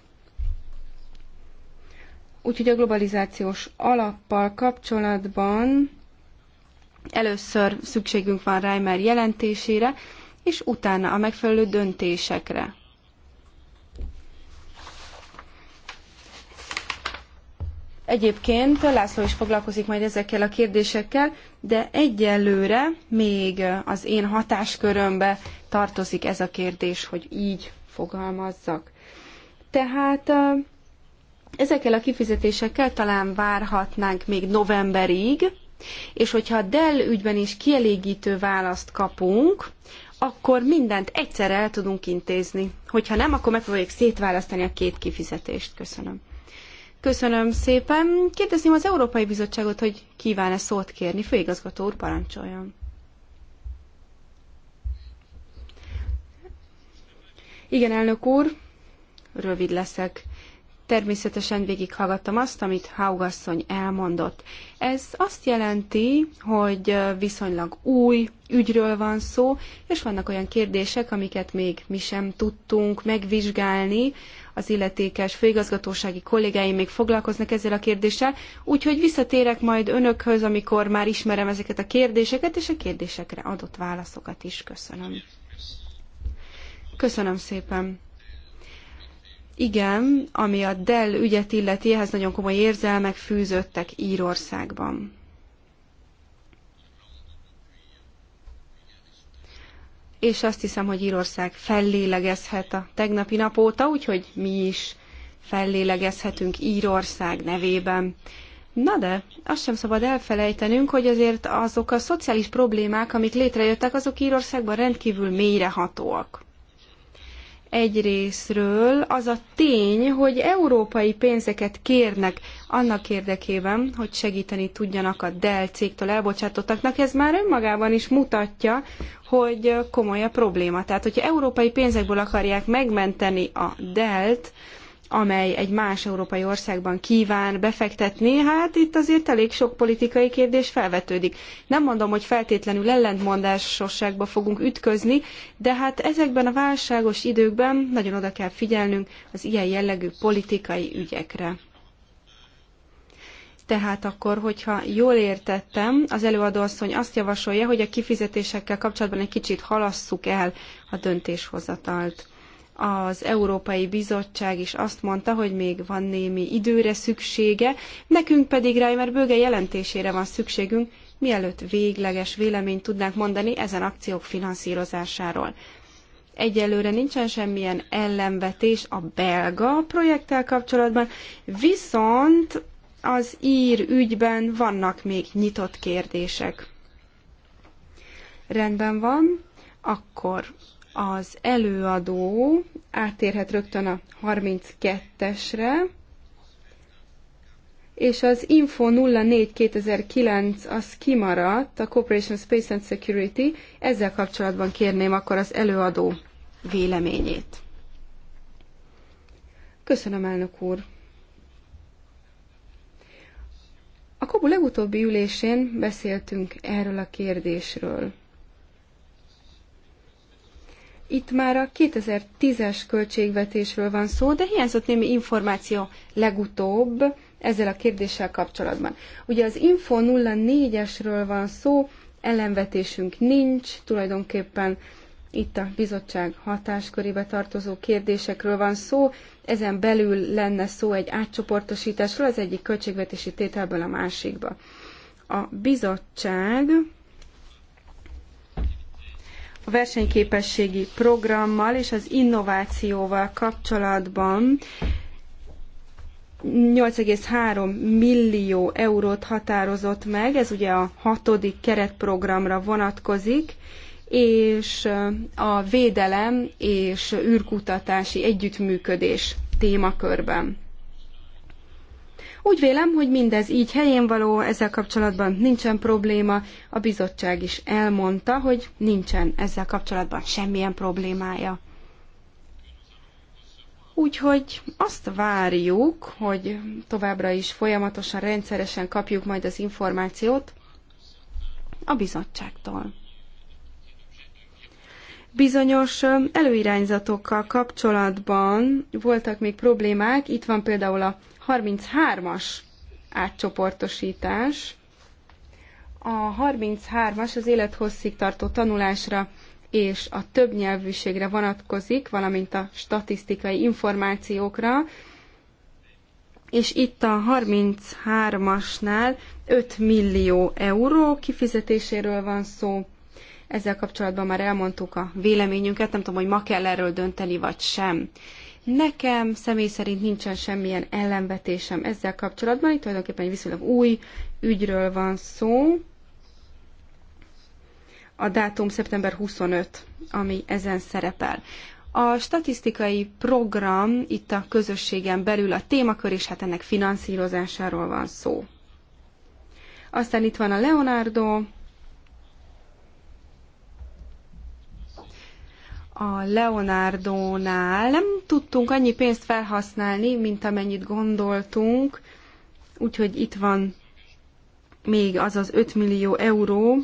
Úgyhogy a globalizációs alappal kapcsolatban először szükségünk van Reimer jelentésére, és utána a megfelelő döntésekre. Egyébként László is foglalkozik majd ezekkel a kérdésekkel, de egyelőre még az én hatáskörömbe tartozik ez a kérdés, hogy így fogalmazzak. Tehát ezekkel a kifizetésekkel talán várhatnánk még novemberig, és hogyha a Dell ügyben is kielégítő választ kapunk, akkor mindent egyszer el tudunk intézni. Hogyha nem, akkor meg fogjuk szétválasztani a két kifizetést. Köszönöm. Köszönöm szépen. Kérdezném az Európai Bizottságot, hogy kíván-e szót kérni. Főigazgató úr, parancsoljon. Igen, elnök úr, rövid leszek. Természetesen végighallgattam azt, amit Haugasszony elmondott. Ez azt jelenti, hogy viszonylag új ügyről van szó, és vannak olyan kérdések, amiket még mi sem tudtunk megvizsgálni, az illetékes főigazgatósági kollégáim még foglalkoznak ezzel a kérdéssel, úgyhogy visszatérek majd önökhöz, amikor már ismerem ezeket a kérdéseket, és a kérdésekre adott válaszokat is köszönöm. Köszönöm szépen. Igen, ami a Dell ügyet illeti, ehhez nagyon komoly érzelmek fűződtek Írországban. és azt hiszem, hogy Írország fellélegezhet a tegnapi nap óta, úgyhogy mi is fellélegezhetünk Írország nevében. Na de, azt sem szabad elfelejtenünk, hogy azért azok a szociális problémák, amik létrejöttek, azok Írországban rendkívül mélyrehatóak. Egyrésztről az a tény, hogy európai pénzeket kérnek annak érdekében, hogy segíteni tudjanak a Dell cégtől elbocsátottaknak, ez már önmagában is mutatja, hogy komoly a probléma. Tehát, hogyha európai pénzekből akarják megmenteni a Dell-t, amely egy más európai országban kíván befektetni, hát itt azért elég sok politikai kérdés felvetődik. Nem mondom, hogy feltétlenül ellentmondásosságba fogunk ütközni, de hát ezekben a válságos időkben nagyon oda kell figyelnünk az ilyen jellegű politikai ügyekre. Tehát akkor, hogyha jól értettem, az előadóasszony azt javasolja, hogy a kifizetésekkel kapcsolatban egy kicsit halasszuk el a döntéshozatalt. Az Európai Bizottság is azt mondta, hogy még van némi időre szüksége, nekünk pedig mert bőge jelentésére van szükségünk, mielőtt végleges véleményt tudnánk mondani ezen akciók finanszírozásáról. Egyelőre nincsen semmilyen ellenvetés a belga projekttel kapcsolatban, viszont az ír ügyben vannak még nyitott kérdések. Rendben van, akkor az előadó átérhet rögtön a 32-esre, és az Info 04 2009 az kimaradt, a Cooperation Space and Security, ezzel kapcsolatban kérném akkor az előadó véleményét. Köszönöm, elnök úr! A KOBU legutóbbi ülésén beszéltünk erről a kérdésről. Itt már a 2010-es költségvetésről van szó, de hiányzott némi információ legutóbb ezzel a kérdéssel kapcsolatban. Ugye az Info 04-esről van szó, ellenvetésünk nincs, tulajdonképpen itt a bizottság hatáskörébe tartozó kérdésekről van szó, ezen belül lenne szó egy átcsoportosításról az egyik költségvetési tételből a másikba. A bizottság versenyképességi programmal és az innovációval kapcsolatban 8,3 millió eurót határozott meg, ez ugye a hatodik keretprogramra vonatkozik, és a védelem és űrkutatási együttműködés témakörben. Úgy vélem, hogy mindez így helyén való, ezzel kapcsolatban nincsen probléma. A bizottság is elmondta, hogy nincsen ezzel kapcsolatban semmilyen problémája. Úgyhogy azt várjuk, hogy továbbra is folyamatosan, rendszeresen kapjuk majd az információt a bizottságtól. Bizonyos előirányzatokkal kapcsolatban voltak még problémák, itt van például a 33-as átcsoportosítás. A 33-as az élethosszig tartó tanulásra és a többnyelvűségre vonatkozik, valamint a statisztikai információkra, és itt a 33-asnál 5 millió euró kifizetéséről van szó. Ezzel kapcsolatban már elmondtuk a véleményünket, nem tudom, hogy ma kell erről dönteni, vagy sem. Nekem személy szerint nincsen semmilyen ellenvetésem ezzel kapcsolatban, itt tulajdonképpen egy viszonylag új ügyről van szó. A dátum szeptember 25, ami ezen szerepel. A statisztikai program itt a közösségen belül a témakör, és hát ennek finanszírozásáról van szó. Aztán itt van a Leonardo, a Leonardo-nál nem tudtunk annyi pénzt felhasználni, mint amennyit gondoltunk, úgyhogy itt van még az az 5 millió euró,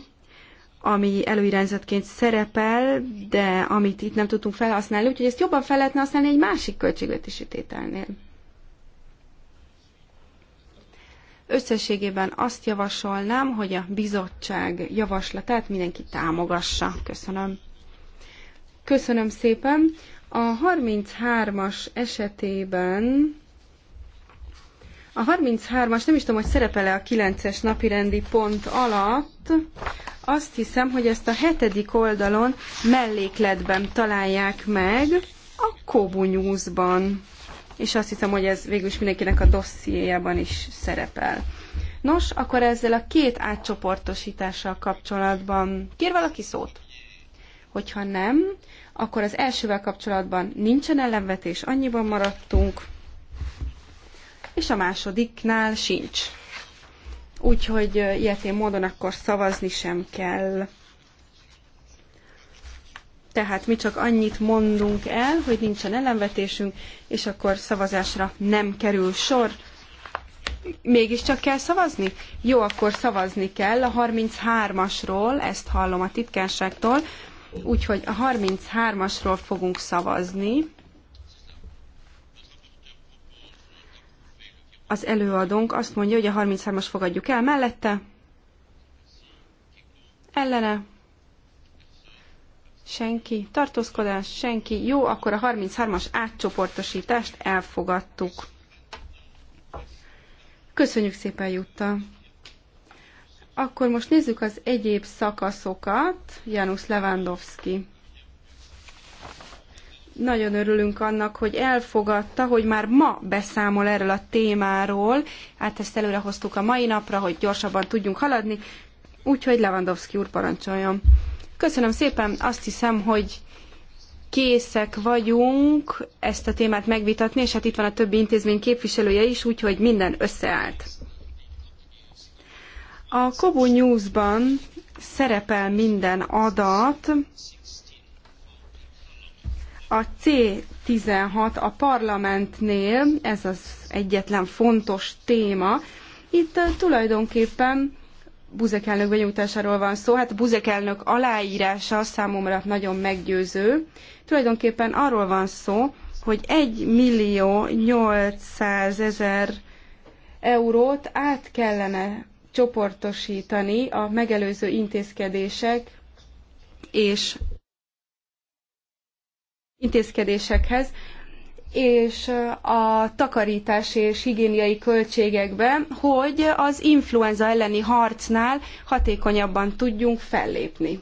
ami előirányzatként szerepel, de amit itt nem tudtunk felhasználni, úgyhogy ezt jobban fel lehetne használni egy másik költségvetési tételnél. Összességében azt javasolnám, hogy a bizottság javaslatát mindenki támogassa. Köszönöm. Köszönöm szépen. A 33-as esetében a 33-as, nem is tudom, hogy szerepele a 9-es napirendi pont alatt, azt hiszem, hogy ezt a hetedik oldalon mellékletben találják meg a Kobu News-ban. És azt hiszem, hogy ez végül is mindenkinek a dossziéjában is szerepel. Nos, akkor ezzel a két átcsoportosítással kapcsolatban kér valaki szót? Hogyha nem, akkor az elsővel kapcsolatban nincsen ellenvetés, annyiban maradtunk, és a másodiknál sincs. Úgyhogy ilyetén módon akkor szavazni sem kell. Tehát mi csak annyit mondunk el, hogy nincsen ellenvetésünk, és akkor szavazásra nem kerül sor. Mégiscsak kell szavazni? Jó, akkor szavazni kell a 33-asról, ezt hallom a titkárságtól. Úgyhogy a 33-asról fogunk szavazni. Az előadónk azt mondja, hogy a 33-as fogadjuk el mellette. Ellene. Senki. Tartózkodás, senki. Jó, akkor a 33-as átcsoportosítást elfogadtuk. Köszönjük szépen, Jutta! Akkor most nézzük az egyéb szakaszokat. Janusz Lewandowski. Nagyon örülünk annak, hogy elfogadta, hogy már ma beszámol erről a témáról. Hát ezt előre hoztuk a mai napra, hogy gyorsabban tudjunk haladni. Úgyhogy Lewandowski úr parancsoljon. Köszönöm szépen, azt hiszem, hogy készek vagyunk ezt a témát megvitatni, és hát itt van a többi intézmény képviselője is, úgyhogy minden összeállt. A Kobo News-ban szerepel minden adat, a C16 a parlamentnél, ez az egyetlen fontos téma, itt eh, tulajdonképpen Buzek elnök benyújtásáról van szó, hát Buzek elnök aláírása számomra nagyon meggyőző. Tulajdonképpen arról van szó, hogy 1 millió 800 ezer eurót át kellene csoportosítani a megelőző intézkedések és intézkedésekhez, és a takarítás és higiéniai költségekbe, hogy az influenza elleni harcnál hatékonyabban tudjunk fellépni.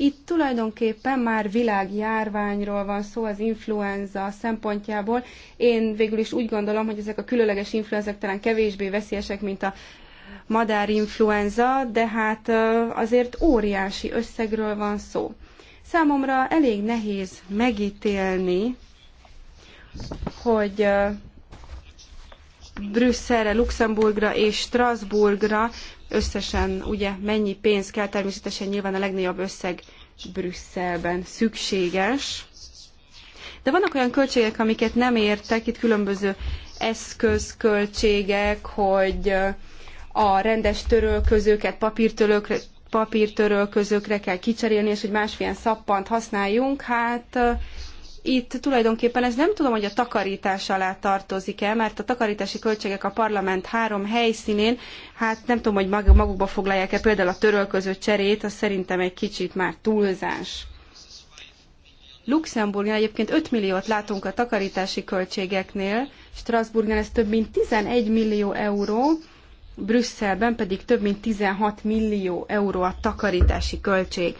Itt tulajdonképpen már világjárványról van szó az influenza szempontjából. Én végül is úgy gondolom, hogy ezek a különleges influenzák talán kevésbé veszélyesek, mint a madárinfluenza, de hát azért óriási összegről van szó. Számomra elég nehéz megítélni, hogy Brüsszelre, Luxemburgra és Strasbourgra összesen ugye mennyi pénz kell, természetesen nyilván a legnagyobb összeg Brüsszelben szükséges. De vannak olyan költségek, amiket nem értek, itt különböző eszközköltségek, hogy a rendes törölközőket papírtörölkre, papírtörölközőkre kell kicserélni, és hogy másmilyen szappant használjunk, hát itt tulajdonképpen ez nem tudom, hogy a takarítás alá tartozik-e, mert a takarítási költségek a parlament három helyszínén, hát nem tudom, hogy magukba foglalják-e például a törölköző cserét, az szerintem egy kicsit már túlzás. Luxemburgnál egyébként 5 milliót látunk a takarítási költségeknél, Strasbourgnál ez több mint 11 millió euró, Brüsszelben pedig több mint 16 millió euró a takarítási költség.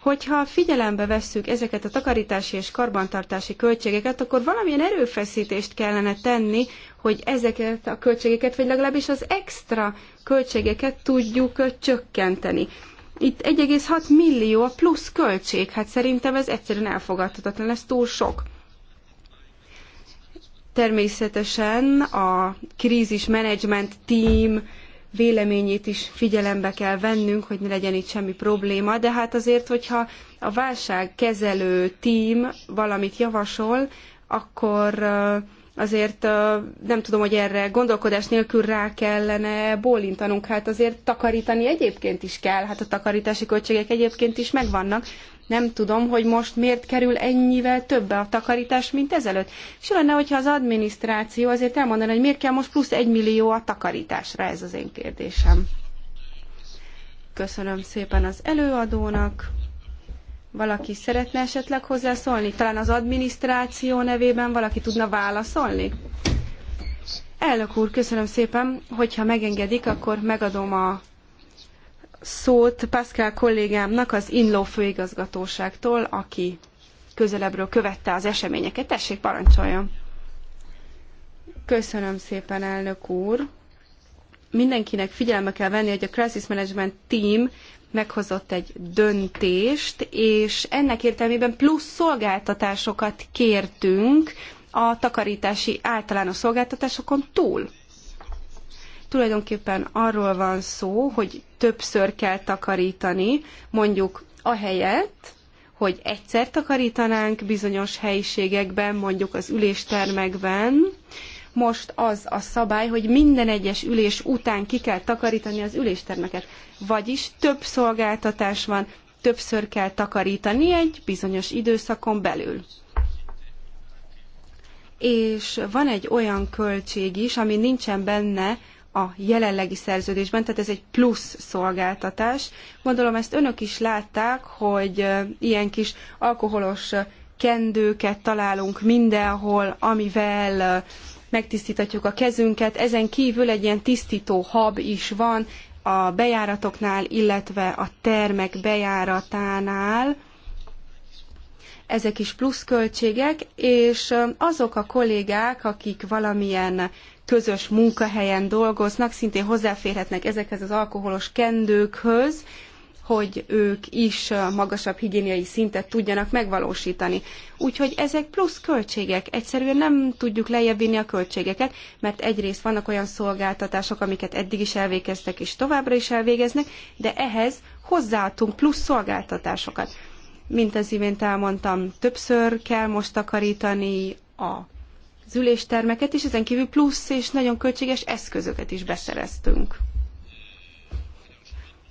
Hogyha figyelembe vesszük ezeket a takarítási és karbantartási költségeket, akkor valamilyen erőfeszítést kellene tenni, hogy ezeket a költségeket, vagy legalábbis az extra költségeket tudjuk csökkenteni. Itt 1,6 millió a plusz költség, hát szerintem ez egyszerűen elfogadhatatlan, ez túl sok. Természetesen a krízis management team véleményét is figyelembe kell vennünk, hogy ne legyen itt semmi probléma, de hát azért, hogyha a válságkezelő tím valamit javasol, akkor azért nem tudom, hogy erre gondolkodás nélkül rá kellene bólintanunk, hát azért takarítani egyébként is kell, hát a takarítási költségek egyébként is megvannak, nem tudom, hogy most miért kerül ennyivel többe a takarítás, mint ezelőtt. És lenne, hogyha az adminisztráció azért elmondaná, hogy miért kell most plusz egy millió a takarításra, ez az én kérdésem. Köszönöm szépen az előadónak. Valaki szeretne esetleg hozzászólni? Talán az adminisztráció nevében valaki tudna válaszolni? Elnök úr, köszönöm szépen. Hogyha megengedik, akkor megadom a szót Pascal kollégámnak az Inló főigazgatóságtól, aki közelebbről követte az eseményeket. Tessék, parancsoljon! Köszönöm szépen, elnök úr! Mindenkinek figyelme kell venni, hogy a Crisis Management Team meghozott egy döntést, és ennek értelmében plusz szolgáltatásokat kértünk a takarítási általános szolgáltatásokon túl. Tulajdonképpen arról van szó, hogy többször kell takarítani, mondjuk a helyet, hogy egyszer takarítanánk bizonyos helyiségekben, mondjuk az üléstermekben, most az a szabály, hogy minden egyes ülés után ki kell takarítani az üléstermeket. Vagyis több szolgáltatás van, többször kell takarítani egy bizonyos időszakon belül. És van egy olyan költség is, ami nincsen benne a jelenlegi szerződésben, tehát ez egy plusz szolgáltatás. Gondolom ezt önök is látták, hogy ilyen kis alkoholos kendőket találunk mindenhol, amivel megtisztíthatjuk a kezünket. Ezen kívül egy ilyen tisztító hab is van a bejáratoknál, illetve a termek bejáratánál ezek is plusz költségek, és azok a kollégák, akik valamilyen közös munkahelyen dolgoznak, szintén hozzáférhetnek ezekhez az alkoholos kendőkhöz, hogy ők is magasabb higiéniai szintet tudjanak megvalósítani. Úgyhogy ezek plusz költségek. Egyszerűen nem tudjuk lejjebb vinni a költségeket, mert egyrészt vannak olyan szolgáltatások, amiket eddig is elvégeztek és továbbra is elvégeznek, de ehhez hozzáadtunk plusz szolgáltatásokat. Mint az imént elmondtam, többször kell most takarítani a az üléstermeket, és ezen kívül plusz és nagyon költséges eszközöket is beszereztünk.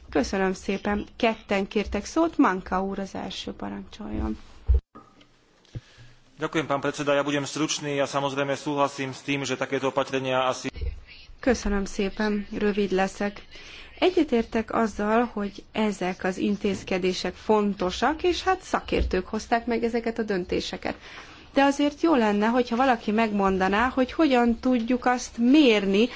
Köszönöm szépen. Ketten kértek szót, Manka úr az első parancsoljon. Ďakujem, pán predseda, ja budem stručný, ja samozrejme súhlasím s tým, že takéto opatrenia asi... Köszönöm szépen, rövid leszek. Egyetértek azzal, hogy ezek az intézkedések fontosak, és hát szakértők hozták meg ezeket a döntéseket. De azért jó lenne, hogyha valaki megmondaná, hogy hogyan tudjuk azt mérni,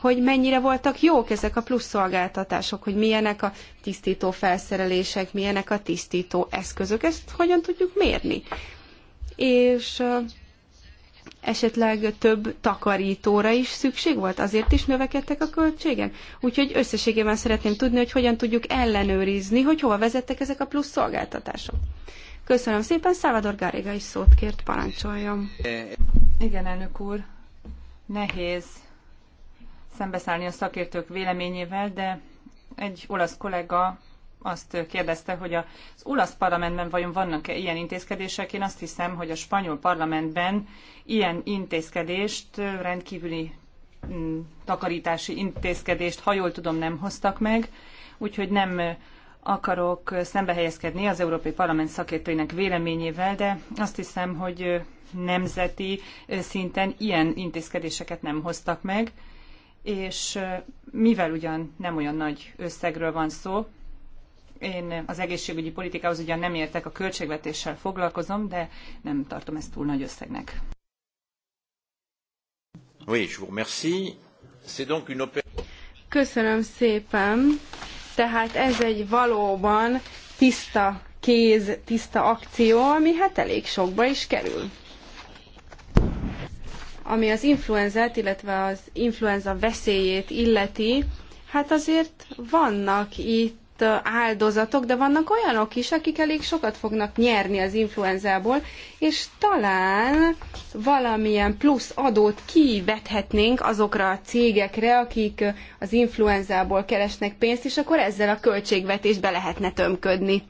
hogy mennyire voltak jók ezek a plusz szolgáltatások, hogy milyenek a tisztító felszerelések, milyenek a tisztító eszközök, ezt hogyan tudjuk mérni. És esetleg több takarítóra is szükség volt, azért is növekedtek a költségek. Úgyhogy összességében szeretném tudni, hogy hogyan tudjuk ellenőrizni, hogy hova vezettek ezek a plusz szolgáltatások. Köszönöm szépen, Salvador Garriga is szót kért, parancsoljam. Igen, elnök úr, nehéz szembeszállni a szakértők véleményével, de egy olasz kollega azt kérdezte, hogy az olasz parlamentben vajon vannak-e ilyen intézkedések. Én azt hiszem, hogy a spanyol parlamentben ilyen intézkedést, rendkívüli mm, takarítási intézkedést, ha jól tudom, nem hoztak meg, úgyhogy nem akarok szembehelyezkedni az Európai Parlament szakértőinek véleményével, de azt hiszem, hogy nemzeti szinten ilyen intézkedéseket nem hoztak meg, és mivel ugyan nem olyan nagy összegről van szó, én az egészségügyi politikához ugyan nem értek, a költségvetéssel foglalkozom, de nem tartom ezt túl nagy összegnek. Oui, je vous remercie. C'est donc une Köszönöm szépen. Tehát ez egy valóban tiszta kéz, tiszta akció, ami hát elég sokba is kerül. Ami az influenzát, illetve az influenza veszélyét illeti, hát azért vannak itt esett áldozatok, de vannak olyanok is, akik elég sokat fognak nyerni az influenzából, és talán valamilyen plusz adót kivethetnénk azokra a cégekre, akik az influenzából keresnek pénzt, és akkor ezzel a költségvetésbe lehetne tömködni.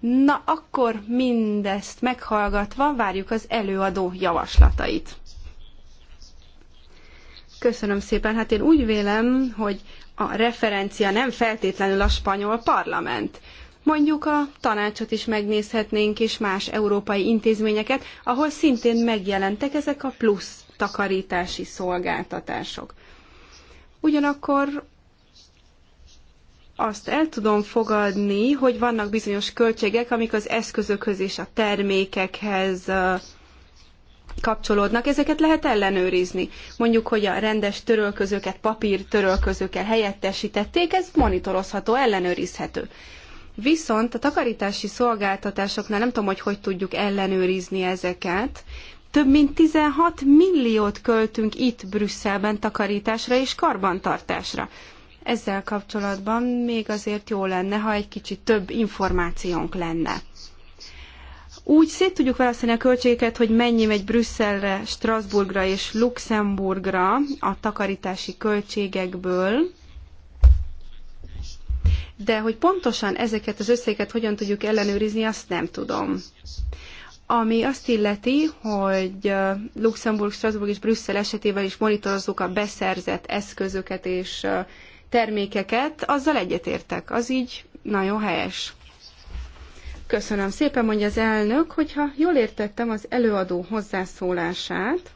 Na akkor mindezt meghallgatva várjuk az előadó javaslatait. Köszönöm szépen. Hát én úgy vélem, hogy a referencia nem feltétlenül a spanyol parlament. Mondjuk a tanácsot is megnézhetnénk, és más európai intézményeket, ahol szintén megjelentek ezek a plusz takarítási szolgáltatások. Ugyanakkor azt el tudom fogadni, hogy vannak bizonyos költségek, amik az eszközökhöz és a termékekhez kapcsolódnak, ezeket lehet ellenőrizni. Mondjuk, hogy a rendes törölközőket papír törölközőkkel helyettesítették, ez monitorozható, ellenőrizhető. Viszont a takarítási szolgáltatásoknál nem tudom, hogy hogy tudjuk ellenőrizni ezeket. Több mint 16 milliót költünk itt Brüsszelben takarításra és karbantartásra. Ezzel kapcsolatban még azért jó lenne, ha egy kicsit több információnk lenne úgy szét tudjuk választani a költségeket, hogy mennyi megy Brüsszelre, Strasbourgra és Luxemburgra a takarítási költségekből, de hogy pontosan ezeket az összegeket hogyan tudjuk ellenőrizni, azt nem tudom. Ami azt illeti, hogy Luxemburg, Strasbourg és Brüsszel esetében is monitorozzuk a beszerzett eszközöket és termékeket, azzal egyetértek. Az így nagyon helyes. Köszönöm szépen, mondja az elnök, hogyha jól értettem az előadó hozzászólását,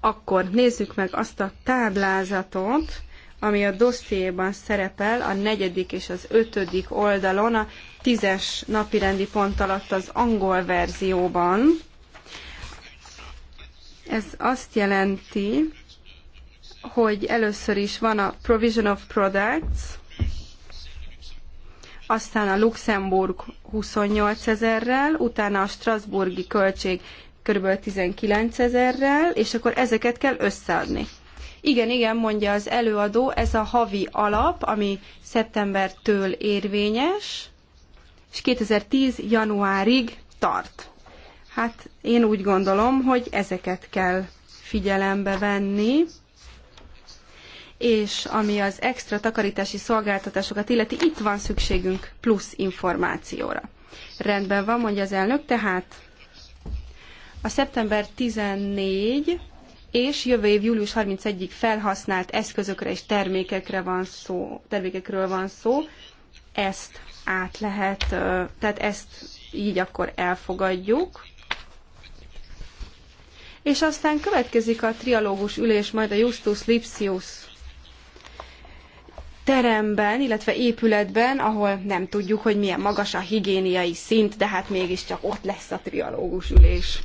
akkor nézzük meg azt a táblázatot, ami a dossziéban szerepel a negyedik és az ötödik oldalon, a tízes napirendi pont alatt az angol verzióban. Ez azt jelenti, hogy először is van a Provision of Products, aztán a Luxemburg 28 ezerrel, utána a Strasburgi költség kb. 19 ezerrel, és akkor ezeket kell összeadni. Igen, igen, mondja az előadó, ez a havi alap, ami szeptembertől érvényes, és 2010. januárig tart. Hát én úgy gondolom, hogy ezeket kell figyelembe venni és ami az extra takarítási szolgáltatásokat illeti, itt van szükségünk plusz információra. Rendben van, mondja az elnök, tehát a szeptember 14 és jövő év július 31-ig felhasznált eszközökre és termékekre van szó, termékekről van szó, ezt át lehet, tehát ezt így akkor elfogadjuk. És aztán következik a trialógus ülés majd a Justus Lipsius teremben, illetve épületben, ahol nem tudjuk, hogy milyen magas a higiéniai szint, de hát mégiscsak ott lesz a trialógus ülés.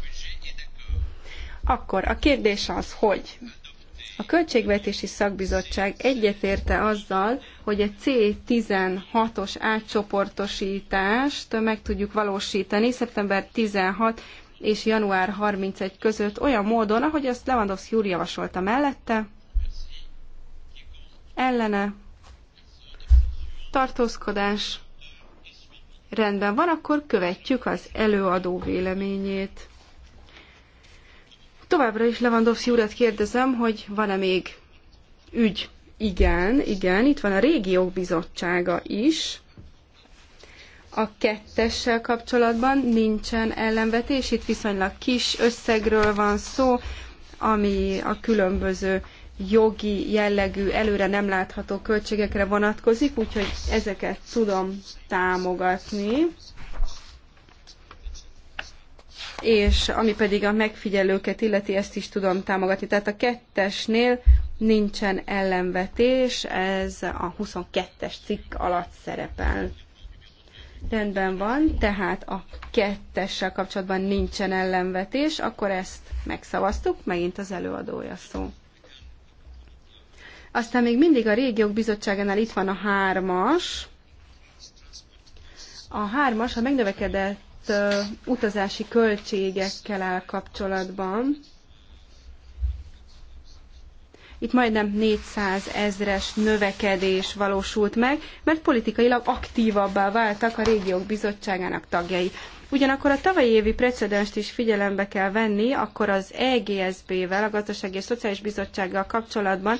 Akkor a kérdés az, hogy a Költségvetési Szakbizottság egyetérte azzal, hogy a C16-os átcsoportosítást meg tudjuk valósítani szeptember 16 és január 31 között olyan módon, ahogy azt Lewandowski úr javasolta mellette, ellene tartózkodás. Rendben van, akkor követjük az előadó véleményét. Továbbra is Lewandowski urat kérdezem, hogy van-e még ügy? Igen, igen, itt van a régiók bizottsága is. A kettessel kapcsolatban nincsen ellenvetés, itt viszonylag kis összegről van szó, ami a különböző jogi jellegű, előre nem látható költségekre vonatkozik, úgyhogy ezeket tudom támogatni. És ami pedig a megfigyelőket illeti, ezt is tudom támogatni. Tehát a kettesnél nincsen ellenvetés, ez a 22-es cikk alatt szerepel. Rendben van, tehát a kettessel kapcsolatban nincsen ellenvetés, akkor ezt megszavaztuk, megint az előadója szó. Aztán még mindig a régiók bizottságánál itt van a hármas. A hármas a megnövekedett utazási költségekkel áll kapcsolatban. Itt majdnem 400 ezres növekedés valósult meg, mert politikailag aktívabbá váltak a régiók bizottságának tagjai. Ugyanakkor a tavalyi évi precedenst is figyelembe kell venni, akkor az EGSB-vel, a Gazdasági és Szociális Bizottsággal kapcsolatban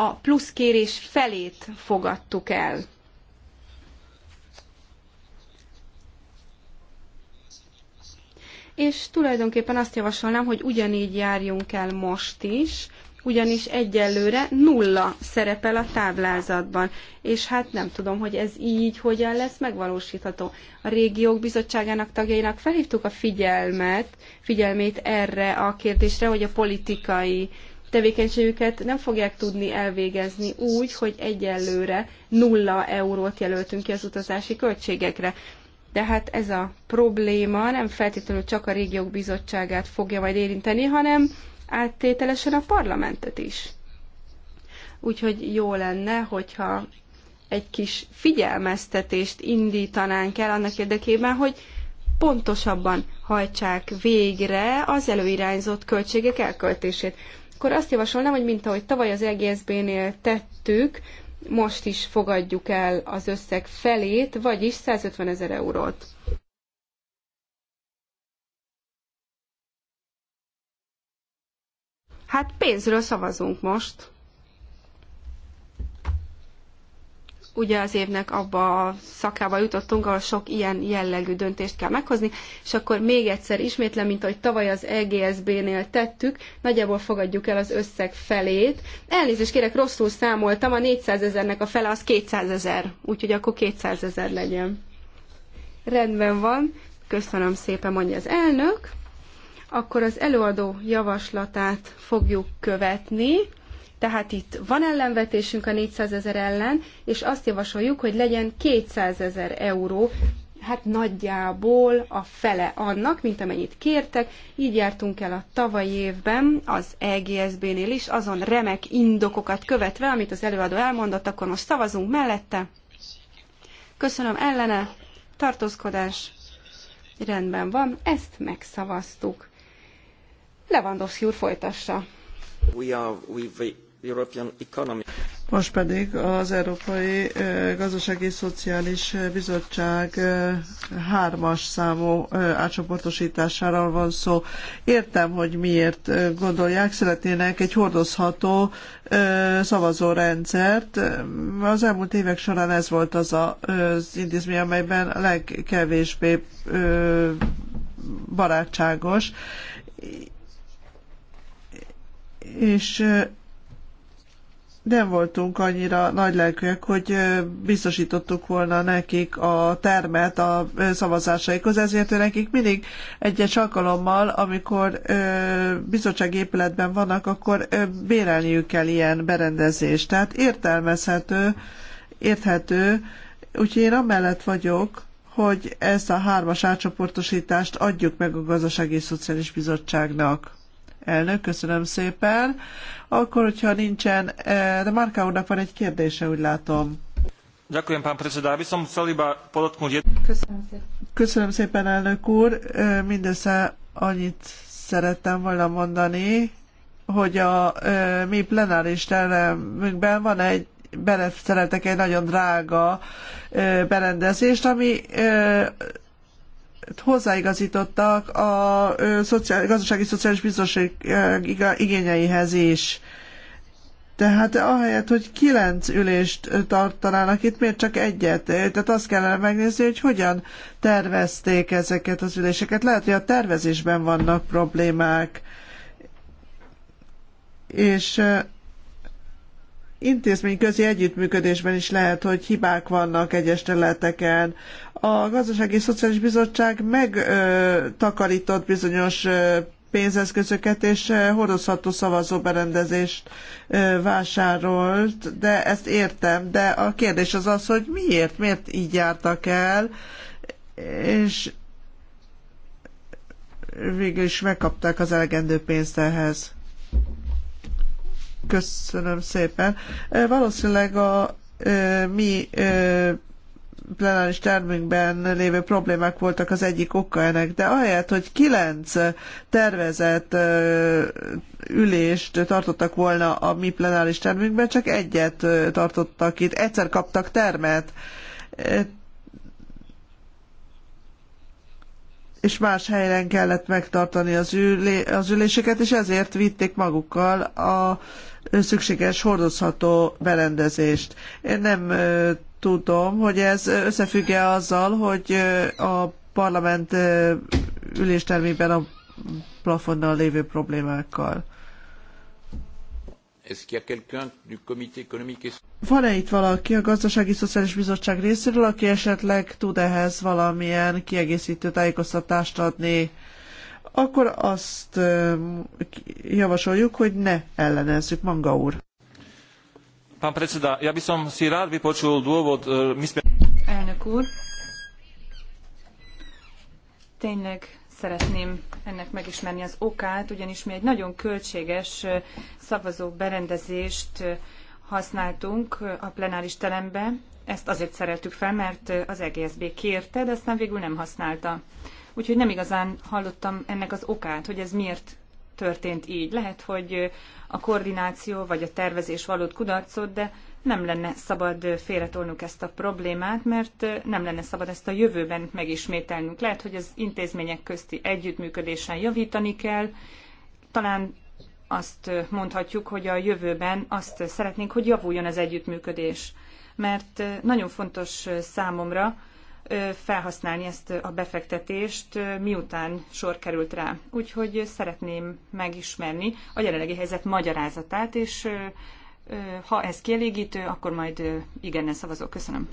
a plusz kérés felét fogadtuk el. És tulajdonképpen azt javasolnám, hogy ugyanígy járjunk el most is, ugyanis egyelőre nulla szerepel a táblázatban, és hát nem tudom, hogy ez így hogyan lesz megvalósítható. A régiók bizottságának tagjainak felhívtuk a figyelmet, figyelmét erre a kérdésre, hogy a politikai tevékenységüket nem fogják tudni elvégezni úgy, hogy egyelőre nulla eurót jelöltünk ki az utazási költségekre. De hát ez a probléma nem feltétlenül csak a régiók bizottságát fogja majd érinteni, hanem áttételesen a parlamentet is. Úgyhogy jó lenne, hogyha egy kis figyelmeztetést indítanánk el annak érdekében, hogy pontosabban hajtsák végre az előirányzott költségek elköltését akkor azt javasolnám, hogy mint ahogy tavaly az EGSZB-nél tettük, most is fogadjuk el az összeg felét, vagyis 150 ezer eurót. Hát pénzről szavazunk most. Ugye az évnek abba a szakába jutottunk, ahol sok ilyen jellegű döntést kell meghozni, és akkor még egyszer ismétlem, mint ahogy tavaly az EGSB-nél tettük, nagyjából fogadjuk el az összeg felét. Elnézést kérek, rosszul számoltam, a 400 ezernek a fele az 200 ezer, úgyhogy akkor 200 ezer legyen. Rendben van, köszönöm szépen, mondja az elnök. Akkor az előadó javaslatát fogjuk követni. Tehát itt van ellenvetésünk a 400 ezer ellen, és azt javasoljuk, hogy legyen 200 ezer euró, hát nagyjából a fele annak, mint amennyit kértek. Így jártunk el a tavalyi évben az EGSB-nél is, azon remek indokokat követve, amit az előadó elmondott, akkor most szavazunk mellette. Köszönöm ellene, tartózkodás, rendben van, ezt megszavaztuk. Lewandowski úr folytassa. We are, we, most pedig az Európai Gazdasági Szociális Bizottság hármas számú átcsoportosításáról van szó. Értem, hogy miért gondolják, szeretnének egy hordozható szavazórendszert. Az elmúlt évek során ez volt az az intézmény, amelyben a legkevésbé barátságos és nem voltunk annyira nagylelkűek, hogy biztosítottuk volna nekik a termet a szavazásaikhoz, ezért nekik mindig egyes alkalommal, amikor bizottsági épületben vannak, akkor bérelniük kell ilyen berendezést. Tehát értelmezhető, érthető, úgyhogy én amellett vagyok, hogy ezt a hármas átcsoportosítást adjuk meg a Gazdasági Szociális Bizottságnak. Elnök, köszönöm szépen. Akkor, hogyha nincsen, eh, de Marka úrnak van egy kérdése, úgy látom. Köszönöm szépen. elnök úr. Eh, mindössze annyit szerettem volna mondani, hogy a eh, mi plenáris teremünkben van egy beleszereltek egy nagyon drága berendezést, ami hozzáigazítottak a szociál, gazdasági szociális biztonság igényeihez is. Tehát ahelyett, hogy kilenc ülést tartanának itt, miért csak egyet? Tehát azt kellene megnézni, hogy hogyan tervezték ezeket az üléseket. Lehet, hogy a tervezésben vannak problémák. És intézményközi együttműködésben is lehet, hogy hibák vannak egyes területeken a Gazdasági Szociális Bizottság megtakarított bizonyos pénzeszközöket és hordozható szavazóberendezést vásárolt, de ezt értem. De a kérdés az az, hogy miért, miért így jártak el, és végül is megkapták az elegendő pénzt ehhez. Köszönöm szépen. Valószínűleg a mi plenáris termünkben lévő problémák voltak az egyik oka ennek, de ahelyett, hogy kilenc tervezett ülést tartottak volna a mi plenáris termünkben, csak egyet tartottak itt. Egyszer kaptak termet és más helyen kellett megtartani az, ülé, az üléseket, és ezért vitték magukkal a szükséges hordozható berendezést. Én nem ö, tudom, hogy ez összefügg-e azzal, hogy ö, a parlament ö, üléstermében a plafonnal lévő problémákkal. Van-e itt valaki a Gazdasági Szociális Bizottság részéről, aki esetleg tud ehhez valamilyen kiegészítő tájékoztatást adni? Akkor azt javasoljuk, hogy ne ellenezzük, Manga úr. Elnök úr, tényleg szeretném ennek megismerni az okát, ugyanis mi egy nagyon költséges szavazó berendezést használtunk a plenáris terembe. Ezt azért szereltük fel, mert az EGSB kérte, de aztán végül nem használta. Úgyhogy nem igazán hallottam ennek az okát, hogy ez miért történt így. Lehet, hogy a koordináció vagy a tervezés valód kudarcot, de nem lenne szabad félretolnunk ezt a problémát, mert nem lenne szabad ezt a jövőben megismételnünk. Lehet, hogy az intézmények közti együttműködésen javítani kell, talán azt mondhatjuk, hogy a jövőben azt szeretnénk, hogy javuljon az együttműködés, mert nagyon fontos számomra, felhasználni ezt a befektetést, miután sor került rá. Úgyhogy szeretném megismerni a jelenlegi helyzet magyarázatát, és ha ez kielégítő, akkor majd igennel szavazok. Köszönöm.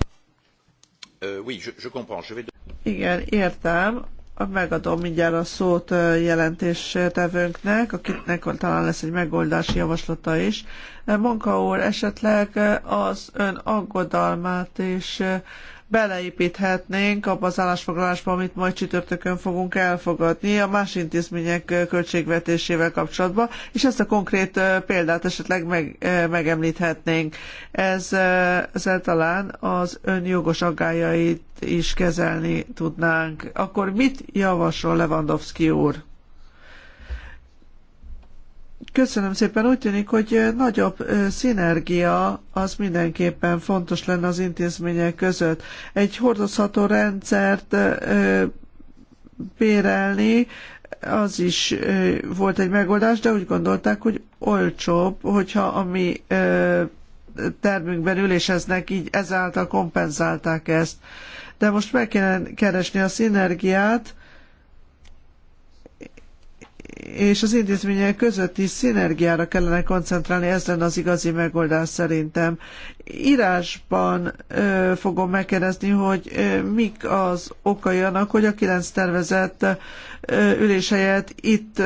Igen, értem. Megadom mindjárt a szót jelentéstevőnknek, akinek talán lesz egy megoldási javaslata is. Monka úr, esetleg az ön aggodalmát és beleépíthetnénk abba az állásfoglalásba, amit majd csütörtökön fogunk elfogadni a más intézmények költségvetésével kapcsolatban, és ezt a konkrét példát esetleg meg, megemlíthetnénk. Ez, ezzel talán az jogos aggájait is kezelni tudnánk. Akkor mit javasol Lewandowski úr? Köszönöm szépen. Úgy tűnik, hogy nagyobb szinergia az mindenképpen fontos lenne az intézmények között. Egy hordozható rendszert bérelni, az is volt egy megoldás, de úgy gondolták, hogy olcsóbb, hogyha a mi termünkben üléseznek, így ezáltal kompenzálták ezt. De most meg kell keresni a szinergiát, és az intézmények közötti szinergiára kellene koncentrálni, ez lenne az igazi megoldás szerintem. Írásban ö, fogom megkérdezni, hogy ö, mik az okai annak, hogy a kilenc tervezett ö, ülés helyett itt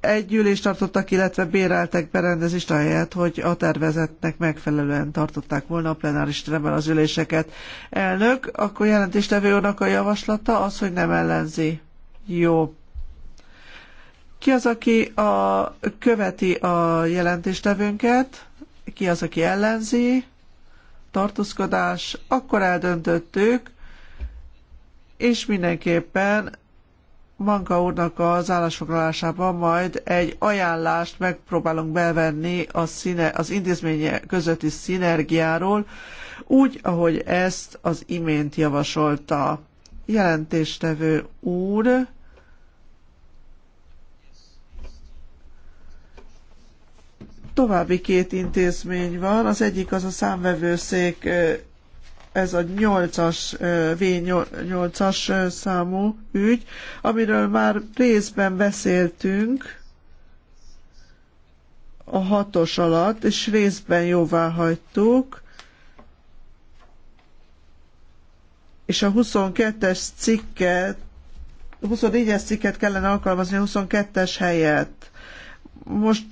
egy ülést tartottak, illetve béreltek berendezést ahelyett, hogy a tervezetnek megfelelően tartották volna a plenáris teremben az üléseket. Elnök, akkor jelentéstevő úrnak a javaslata az, hogy nem ellenzi. Jó, ki az, aki a, követi a jelentéstevőnket? Ki az, aki ellenzi? Tartózkodás. Akkor eldöntöttük, és mindenképpen Manka úrnak az állásfoglalásában majd egy ajánlást megpróbálunk bevenni a színe, az intézménye közötti szinergiáról, úgy, ahogy ezt az imént javasolta. Jelentéstevő úr, További két intézmény van, az egyik az a számvevőszék, ez a 8-as, V8-as számú ügy, amiről már részben beszéltünk a hatos alatt, és részben jóvá hagytuk, és a 22-es cikket 24-es cikket kellene alkalmazni a 22-es helyett. Most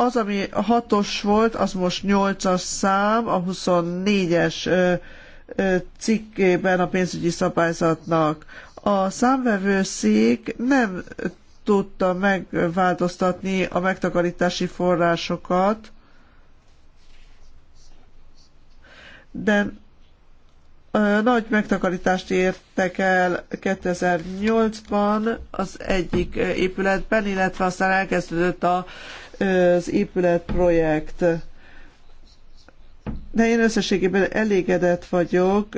az, ami hatos volt, az most nyolcas szám, a 24-es cikkében a pénzügyi szabályzatnak. A számvevőszék nem tudta megváltoztatni a megtakarítási forrásokat, de nagy megtakarítást értek el 2008-ban az egyik épületben, illetve aztán elkezdődött a az épületprojekt. De én összességében elégedett vagyok,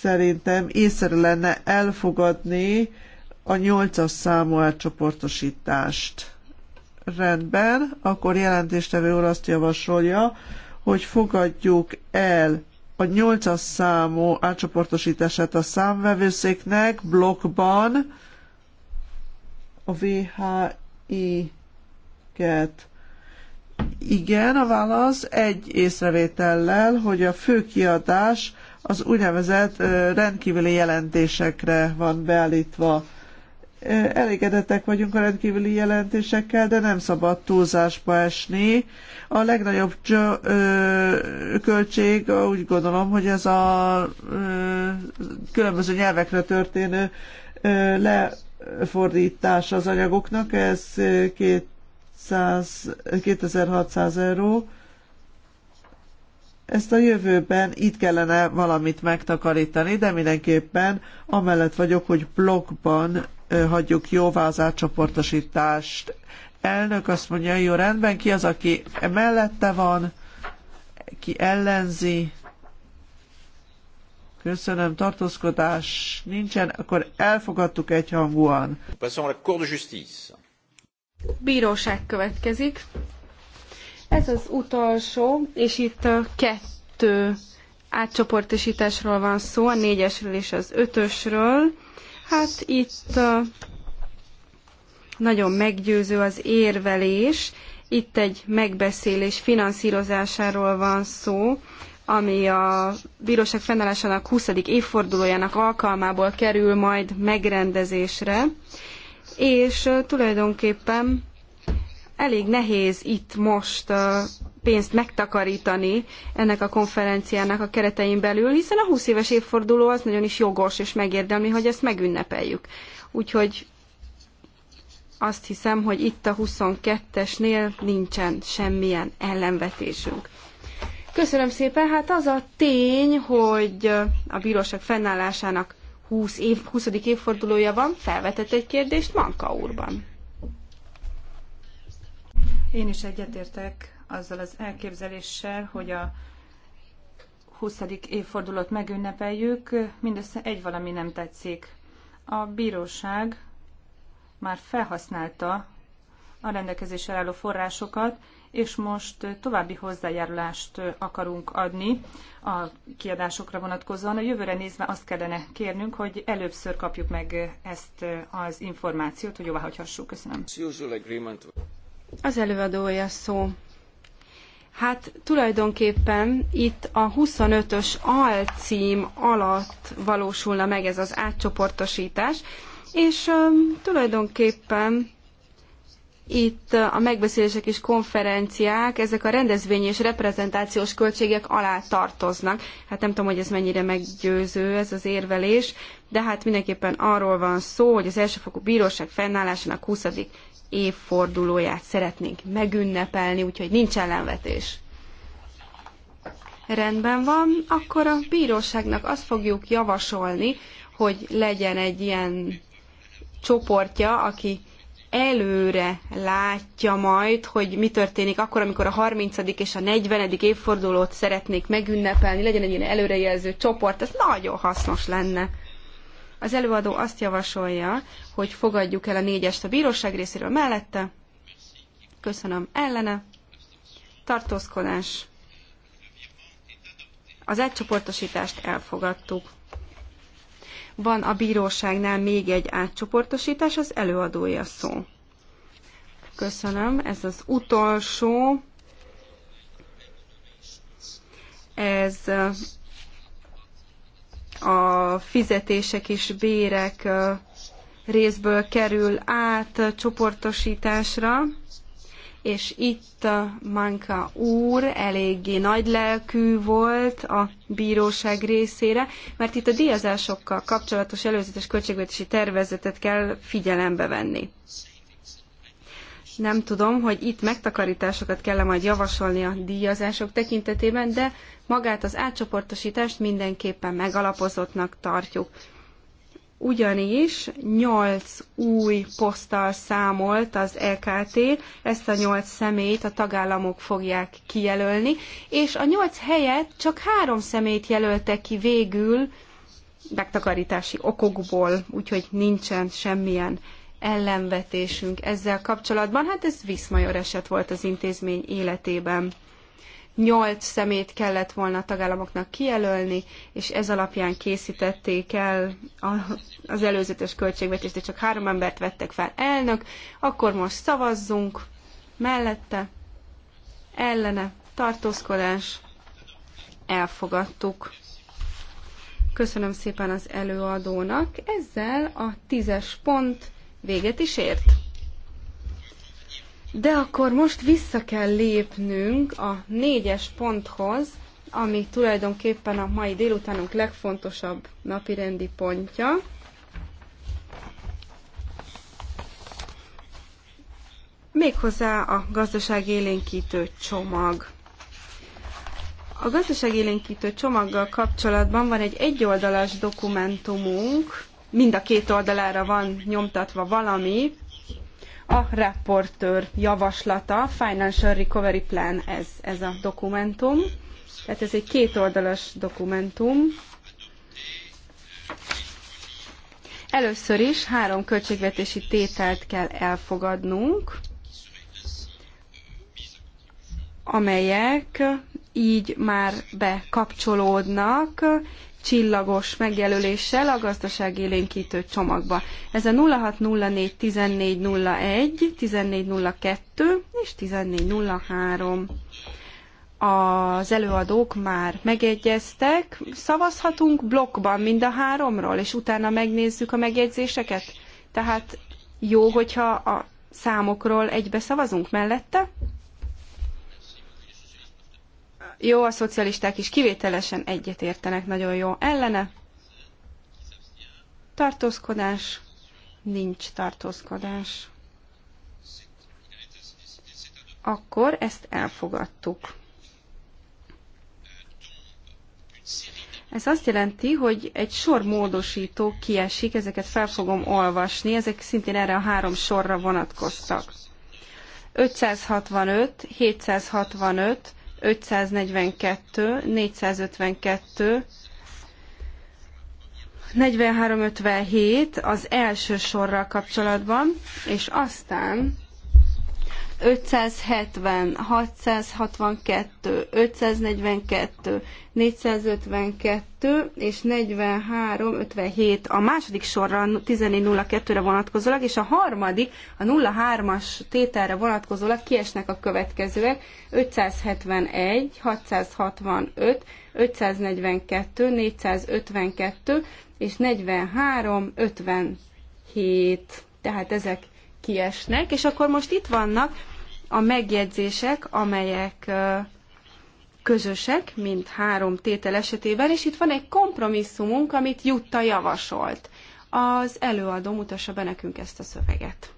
szerintem észre lenne elfogadni a nyolcas számú átcsoportosítást. Rendben, akkor jelentéstevő úr azt javasolja, hogy fogadjuk el a nyolcas számú átcsoportosítását a számvevőszéknek blokkban a VHI ezeket? Igen, a válasz egy észrevétellel, hogy a fő kiadás az úgynevezett rendkívüli jelentésekre van beállítva. Elégedettek vagyunk a rendkívüli jelentésekkel, de nem szabad túlzásba esni. A legnagyobb költség, úgy gondolom, hogy ez a különböző nyelvekre történő lefordítás az anyagoknak, ez két 2600 euró. Ezt a jövőben itt kellene valamit megtakarítani, de mindenképpen amellett vagyok, hogy blokkban hagyjuk jóvá az átcsoportosítást. Elnök azt mondja, jó rendben, ki az, aki mellette van, ki ellenzi. Köszönöm, tartózkodás nincsen, akkor elfogadtuk egyhangúan. Passons à la Cour de Justice bíróság következik. Ez az utolsó, és itt kettő átcsoportosításról van szó, a négyesről és az ötösről. Hát itt nagyon meggyőző az érvelés. Itt egy megbeszélés finanszírozásáról van szó, ami a bíróság fennállásának 20. évfordulójának alkalmából kerül majd megrendezésre és tulajdonképpen elég nehéz itt most pénzt megtakarítani ennek a konferenciának a keretein belül, hiszen a 20 éves évforduló az nagyon is jogos és megérdemli, hogy ezt megünnepeljük. Úgyhogy azt hiszem, hogy itt a 22-esnél nincsen semmilyen ellenvetésünk. Köszönöm szépen, hát az a tény, hogy a bíróság fennállásának 20. Év, 20. évfordulója van, felvetett egy kérdést Manka úrban. Én is egyetértek azzal az elképzeléssel, hogy a 20. évfordulót megünnepeljük, mindössze egy valami nem tetszik. A bíróság már felhasználta a rendelkezésre álló forrásokat, és most további hozzájárulást akarunk adni a kiadásokra vonatkozóan. A jövőre nézve azt kellene kérnünk, hogy előbbször kapjuk meg ezt az információt, hogy jóváhagyhassuk. Köszönöm. Az előadója szó. Hát tulajdonképpen itt a 25-ös alcím alatt valósulna meg ez az átcsoportosítás, és um, tulajdonképpen itt a megbeszélések és konferenciák, ezek a rendezvény és reprezentációs költségek alá tartoznak. Hát nem tudom, hogy ez mennyire meggyőző ez az érvelés, de hát mindenképpen arról van szó, hogy az elsőfokú bíróság fennállásának 20. évfordulóját szeretnénk megünnepelni, úgyhogy nincs ellenvetés. Rendben van, akkor a bíróságnak azt fogjuk javasolni, hogy legyen egy ilyen csoportja, aki előre látja majd, hogy mi történik akkor, amikor a 30. és a 40. évfordulót szeretnék megünnepelni, legyen egy ilyen előrejelző csoport, ez nagyon hasznos lenne. Az előadó azt javasolja, hogy fogadjuk el a négyest a bíróság részéről mellette. Köszönöm. Ellene. Tartózkodás. Az átcsoportosítást elfogadtuk. Van a bíróságnál még egy átcsoportosítás, az előadója szó. Köszönöm, ez az utolsó. Ez a fizetések és bérek részből kerül át csoportosításra és itt Manka úr eléggé lelkű volt a bíróság részére, mert itt a díjazásokkal kapcsolatos előzetes költségvetési tervezetet kell figyelembe venni. Nem tudom, hogy itt megtakarításokat kell -e majd javasolni a díjazások tekintetében, de magát az átcsoportosítást mindenképpen megalapozottnak tartjuk ugyanis 8 új poszttal számolt az LKT, e ezt a 8 személyt a tagállamok fogják kijelölni, és a 8 helyet csak 3 személyt jelölte ki végül megtakarítási okokból, úgyhogy nincsen semmilyen ellenvetésünk ezzel kapcsolatban. Hát ez viszmajor eset volt az intézmény életében. Nyolc szemét kellett volna a tagállamoknak kijelölni, és ez alapján készítették el a az előzetes költségvetést, és csak három embert vettek fel elnök, akkor most szavazzunk mellette, ellene, tartózkodás, elfogadtuk. Köszönöm szépen az előadónak. Ezzel a tízes pont véget is ért. De akkor most vissza kell lépnünk a négyes ponthoz, ami tulajdonképpen a mai délutánunk legfontosabb napirendi pontja. méghozzá a gazdaságélénkítő csomag. A gazdaságélénkítő csomaggal kapcsolatban van egy egyoldalas dokumentumunk, mind a két oldalára van nyomtatva valami, a raportőr javaslata, Financial Recovery Plan ez, ez a dokumentum. Tehát ez egy kétoldalas dokumentum. Először is három költségvetési tételt kell elfogadnunk amelyek így már bekapcsolódnak csillagos megjelöléssel a gazdaság élénkítő csomagba. Ez a 0604 1401, 1402 és 1403. Az előadók már megegyeztek, szavazhatunk blokkban mind a háromról, és utána megnézzük a megjegyzéseket. Tehát jó, hogyha a számokról egybe szavazunk mellette? jó, a szocialisták is kivételesen egyetértenek, nagyon jó. Ellene? Tartózkodás? Nincs tartózkodás. Akkor ezt elfogadtuk. Ez azt jelenti, hogy egy sor módosító kiesik, ezeket fel fogom olvasni, ezek szintén erre a három sorra vonatkoztak. 565, 765, 542, 452, 4357 az első sorral kapcsolatban, és aztán 570, 662, 542, 452 és 43, 57 a második sorra a 14.02-re vonatkozólag, és a harmadik, a 03-as tételre vonatkozólag kiesnek a következőek 571, 665, 542, 452 és 43, 57. Tehát ezek kiesnek, és akkor most itt vannak a megjegyzések, amelyek közösek, mint három tétel esetében, és itt van egy kompromisszumunk, amit Jutta javasolt. Az előadó mutassa be nekünk ezt a szöveget.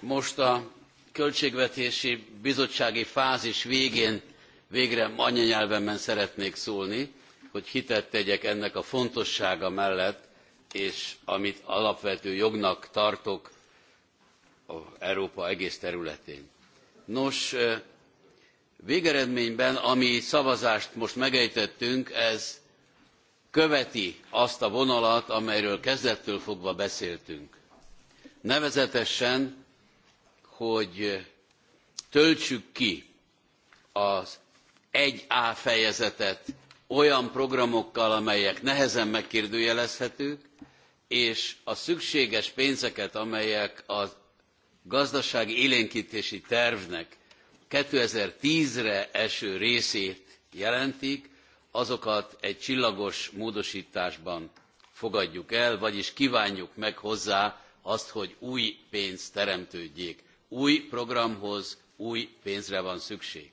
Most a költségvetési bizottsági fázis végén végre anyanyelvemen szeretnék szólni, hogy hitet tegyek ennek a fontossága mellett, és amit alapvető jognak tartok Európa egész területén. Nos, végeredményben, ami szavazást most megejtettünk, ez követi azt a vonalat, amelyről kezdettől fogva beszéltünk. Nevezetesen, hogy töltsük ki az 1A fejezetet olyan programokkal, amelyek nehezen megkérdőjelezhetők, és a szükséges pénzeket, amelyek a gazdasági élénkítési tervnek 2010-re eső részét jelentik, azokat egy csillagos módosításban fogadjuk el, vagyis kívánjuk meg hozzá azt, hogy új pénz teremtődjék. Új programhoz új pénzre van szükség.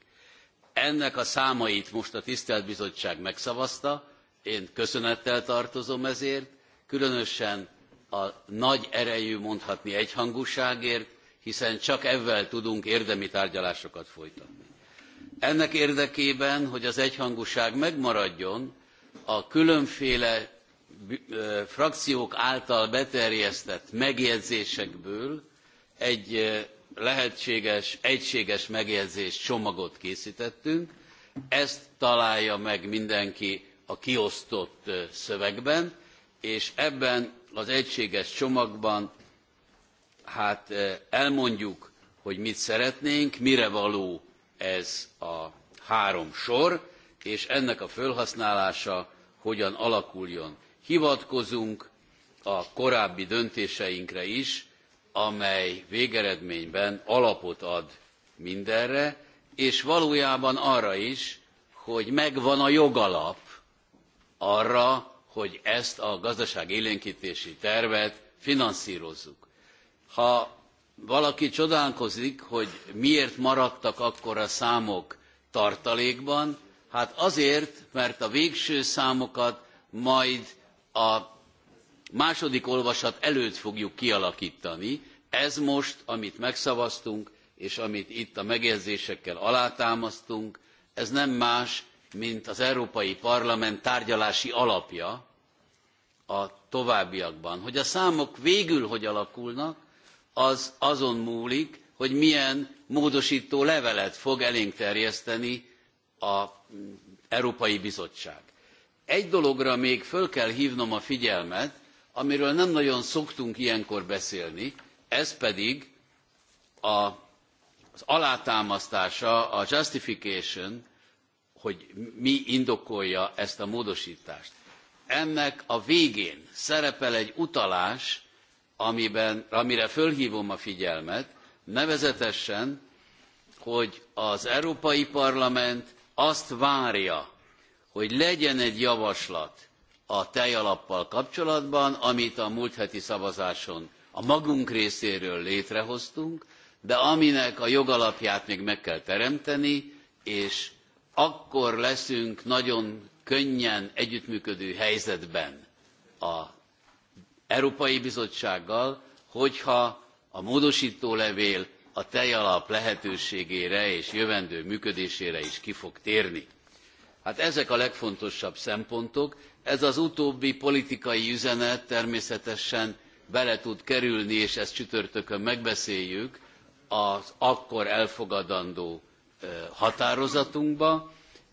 Ennek a számait most a tisztelt bizottság megszavazta, én köszönettel tartozom ezért, különösen a nagy erejű, mondhatni egyhangúságért, hiszen csak ezzel tudunk érdemi tárgyalásokat folytatni. Ennek érdekében, hogy az egyhangúság megmaradjon, a különféle frakciók által beterjesztett megjegyzésekből egy lehetséges egységes megjegyzés csomagot készítettünk, ezt találja meg mindenki a kiosztott szövegben, és ebben az egységes csomagban hát elmondjuk, hogy mit szeretnénk, mire való ez a három sor, és ennek a fölhasználása hogyan alakuljon. Hivatkozunk a korábbi döntéseinkre is, amely végeredményben alapot ad mindenre, és valójában arra is, hogy megvan a jogalap arra, hogy ezt a gazdaságélénkítési tervet finanszírozzuk. Ha valaki csodálkozik, hogy miért maradtak akkora számok tartalékban, hát azért, mert a végső számokat majd a második olvasat előtt fogjuk kialaktani ez most amit megszavaztunk és amit itt a megjegyzésekkel alátámasztunk ez nem más mint az európai parlament tárgyalási alapja a továbbiakban. hogy a számok végül hogy alakulnak az azon múlik hogy milyen módostó levelet fog elénk terjeszteni az európai bizottság. egy dologra még föl kell hvnom a figyelmet amiről nem nagyon szoktunk ilyenkor beszélni, ez pedig a, az alátámasztása, a justification, hogy mi indokolja ezt a módosítást. Ennek a végén szerepel egy utalás, amiben, amire fölhívom a figyelmet, nevezetesen, hogy az Európai Parlament azt várja, hogy legyen egy javaslat a tejalappal kapcsolatban, amit a múlt heti szavazáson a magunk részéről létrehoztunk, de aminek a jogalapját még meg kell teremteni, és akkor leszünk nagyon könnyen együttműködő helyzetben az Európai Bizottsággal, hogyha a levél a tejalap lehetőségére és jövendő működésére is ki fog térni. Hát ezek a legfontosabb szempontok, ez az utóbbi politikai üzenet természetesen bele tud kerülni és ezt csütörtökön megbeszéljük az akkor elfogadandó határozatunkba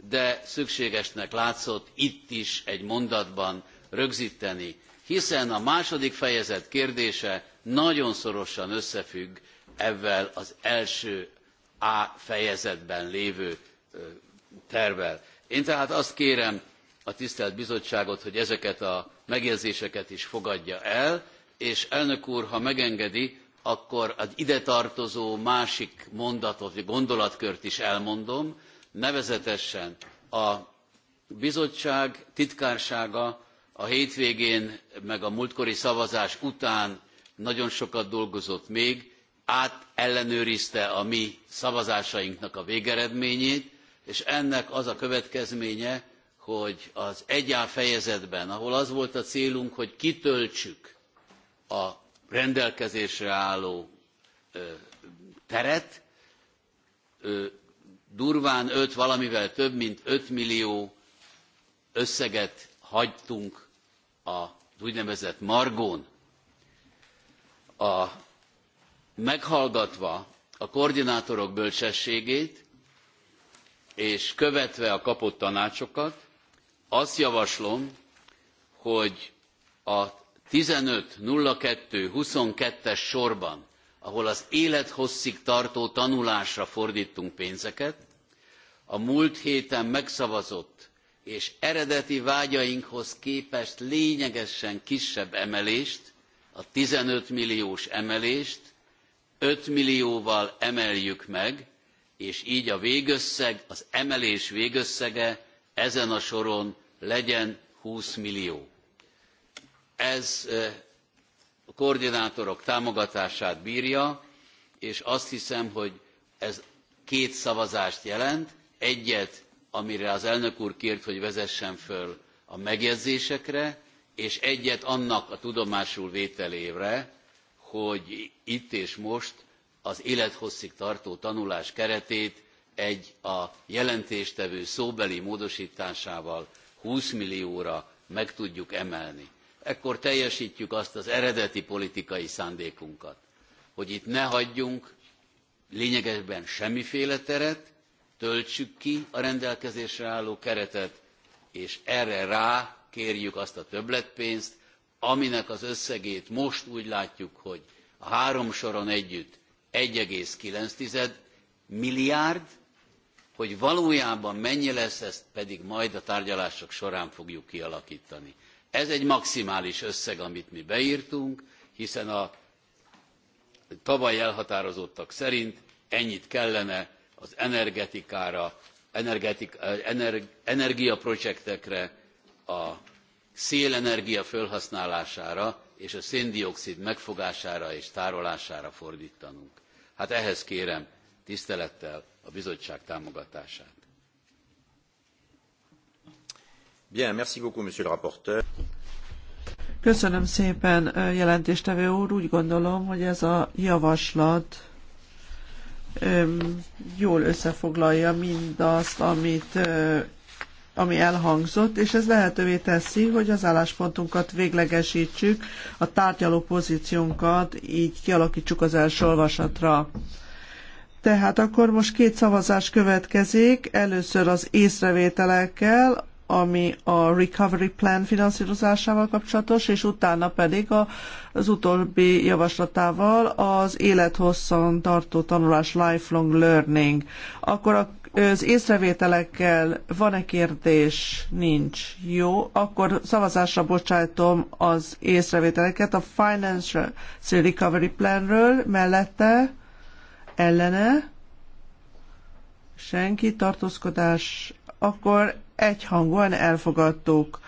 de szükségesnek látszott itt is egy mondatban rögzteni hiszen a második fejezet kérdése nagyon szorosan összefügg ezzel az első a fejezetben lévő tervvel. én tehát azt kérem a tisztelt bizottságot, hogy ezeket a megjegyzéseket is fogadja el, és elnök úr, ha megengedi, akkor az ide tartozó másik mondatot, vagy gondolatkört is elmondom, nevezetesen a bizottság titkársága a hétvégén, meg a múltkori szavazás után nagyon sokat dolgozott még, át ellenőrizte a mi szavazásainknak a végeredményét, és ennek az a következménye, hogy az egyá fejezetben, ahol az volt a célunk, hogy kitöltsük a rendelkezésre álló teret, durván öt valamivel több mint 5 millió összeget hagytunk a úgynevezett margón. A, meghallgatva a koordinátorok bölcsességét, és követve a kapott tanácsokat, azt javaslom, hogy a 15.02.22-es sorban, ahol az élethosszig tartó tanulásra fordítunk pénzeket, a múlt héten megszavazott és eredeti vágyainkhoz képest lényegesen kisebb emelést, a 15 milliós emelést 5 millióval emeljük meg, és így a végösszeg, az emelés végösszege ezen a soron legyen 20 millió. Ez a koordinátorok támogatását bírja, és azt hiszem, hogy ez két szavazást jelent, egyet, amire az elnök úr kért, hogy vezessen föl a megjegyzésekre, és egyet annak a tudomásul vételére, hogy itt és most az élethosszig tartó tanulás keretét egy a jelentéstevő szóbeli módosításával 20 millióra meg tudjuk emelni. Ekkor teljesítjük azt az eredeti politikai szándékunkat, hogy itt ne hagyjunk lényegében semmiféle teret, töltsük ki a rendelkezésre álló keretet, és erre rá kérjük azt a többletpénzt, aminek az összegét most úgy látjuk, hogy a három soron együtt 1,9 milliárd, hogy valójában mennyi lesz, ezt pedig majd a tárgyalások során fogjuk kialakítani. Ez egy maximális összeg, amit mi beírtunk, hiszen a tavaly elhatározottak szerint ennyit kellene az energetikára, energetik, ener, energiaprojektekre, a szélenergia felhasználására és a széndiokszid megfogására és tárolására fordítanunk. Hát ehhez kérem, tisztelettel a bizottság támogatását. Bien, merci beaucoup, monsieur le rapporteur. Köszönöm szépen, jelentéstevő úr. Úgy gondolom, hogy ez a javaslat jól összefoglalja mindazt, amit ami elhangzott, és ez lehetővé teszi, hogy az álláspontunkat véglegesítsük, a tárgyaló pozíciónkat így kialakítsuk az első olvasatra. Tehát akkor most két szavazás következik, először az észrevételekkel, ami a Recovery Plan finanszírozásával kapcsolatos, és utána pedig a, az utóbbi javaslatával az élethosszan tartó tanulás, lifelong learning. Akkor a az észrevételekkel van-e kérdés? Nincs. Jó, akkor szavazásra bocsájtom az észrevételeket a Financial Recovery Planről mellette ellene, senki, tartózkodás, akkor egyhangúan elfogadtuk.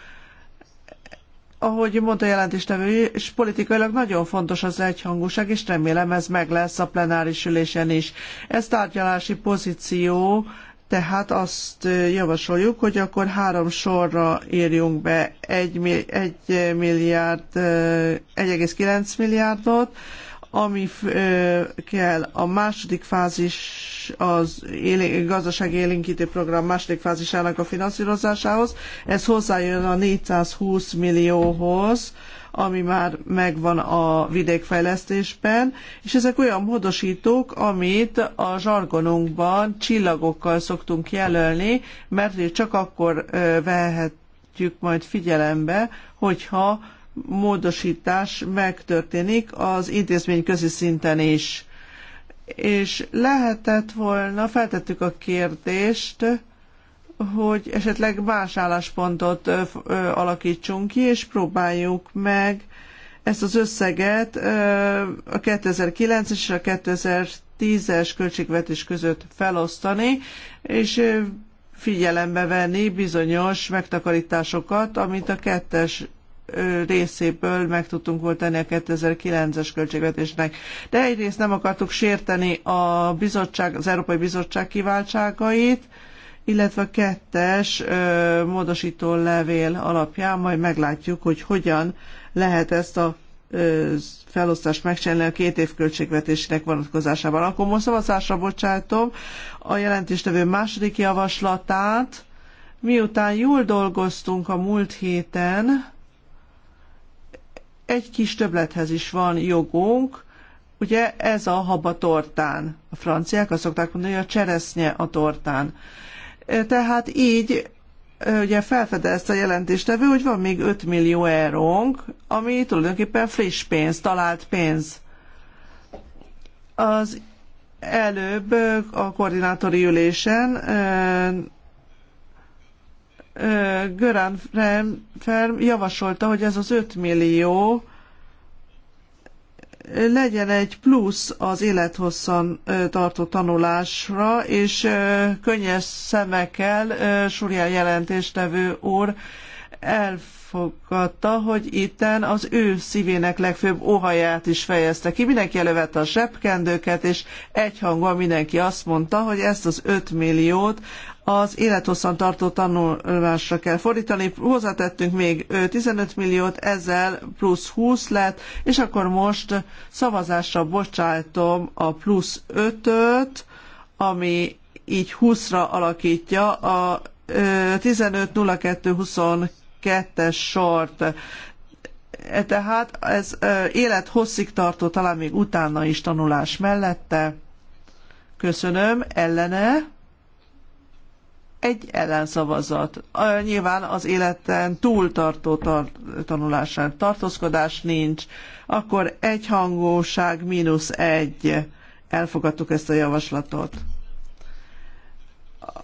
Ahogy mondta jelentéstevő, és politikailag nagyon fontos az egyhangúság, és remélem ez meg lesz a plenáris ülésen is. Ez tárgyalási pozíció, tehát azt javasoljuk, hogy akkor három sorra írjunk be 1, milliárd, 1,9 milliárdot, ami kell a második fázis az élé, gazdasági élénkítő program második fázisának a finanszírozásához. Ez hozzájön a 420 millióhoz, ami már megvan a vidékfejlesztésben, és ezek olyan módosítók, amit a zsargonunkban csillagokkal szoktunk jelölni, mert csak akkor vehetjük majd figyelembe, hogyha módosítás megtörténik az intézmény közi szinten is. És lehetett volna, feltettük a kérdést, hogy esetleg más álláspontot ö, ö, alakítsunk ki, és próbáljuk meg ezt az összeget ö, a 2009 és a 2010-es költségvetés között felosztani, és ö, figyelembe venni bizonyos megtakarításokat, amit a kettes részéből meg tudtunk volt tenni a 2009-es költségvetésnek. De egyrészt nem akartuk sérteni a bizottság, az Európai Bizottság kiváltságait, illetve a kettes ö, módosító levél alapján majd meglátjuk, hogy hogyan lehet ezt a ö, felosztást megcsinálni a két év költségvetésének vonatkozásában. Akkor most szavazásra bocsátom a jelentéstevő második javaslatát, miután jól dolgoztunk a múlt héten, egy kis töblethez is van jogunk, ugye ez a haba tortán. A franciák azt szokták mondani, hogy a cseresznye a tortán. Tehát így ugye felfedezte ezt a jelentéstevő, hogy van még 5 millió eurónk, ami tulajdonképpen friss pénz, talált pénz. Az előbb a koordinátori ülésen Görán Ferm javasolta, hogy ez az 5 millió legyen egy plusz az élethosszan tartó tanulásra, és könnyes szemekkel Súrján jelentéstevő úr elfogadta, hogy itten az ő szívének legfőbb óhaját is fejezte ki. Mindenki elővette a sepkendőket, és egyhangban mindenki azt mondta, hogy ezt az 5 milliót az tartó tanulásra kell fordítani. Hozzátettünk még 15 milliót, ezzel plusz 20 lett, és akkor most szavazásra bocsájtom a plusz 5-öt, ami így 20-ra alakítja a 15.02.22-es sort. E, tehát ez élet hosszig tartó, talán még utána is tanulás mellette. Köszönöm. Ellene? egy ellenszavazat. Nyilván az életen túltartó tar- tanulásán tartózkodás nincs, akkor egyhangúság mínusz egy. Elfogadtuk ezt a javaslatot.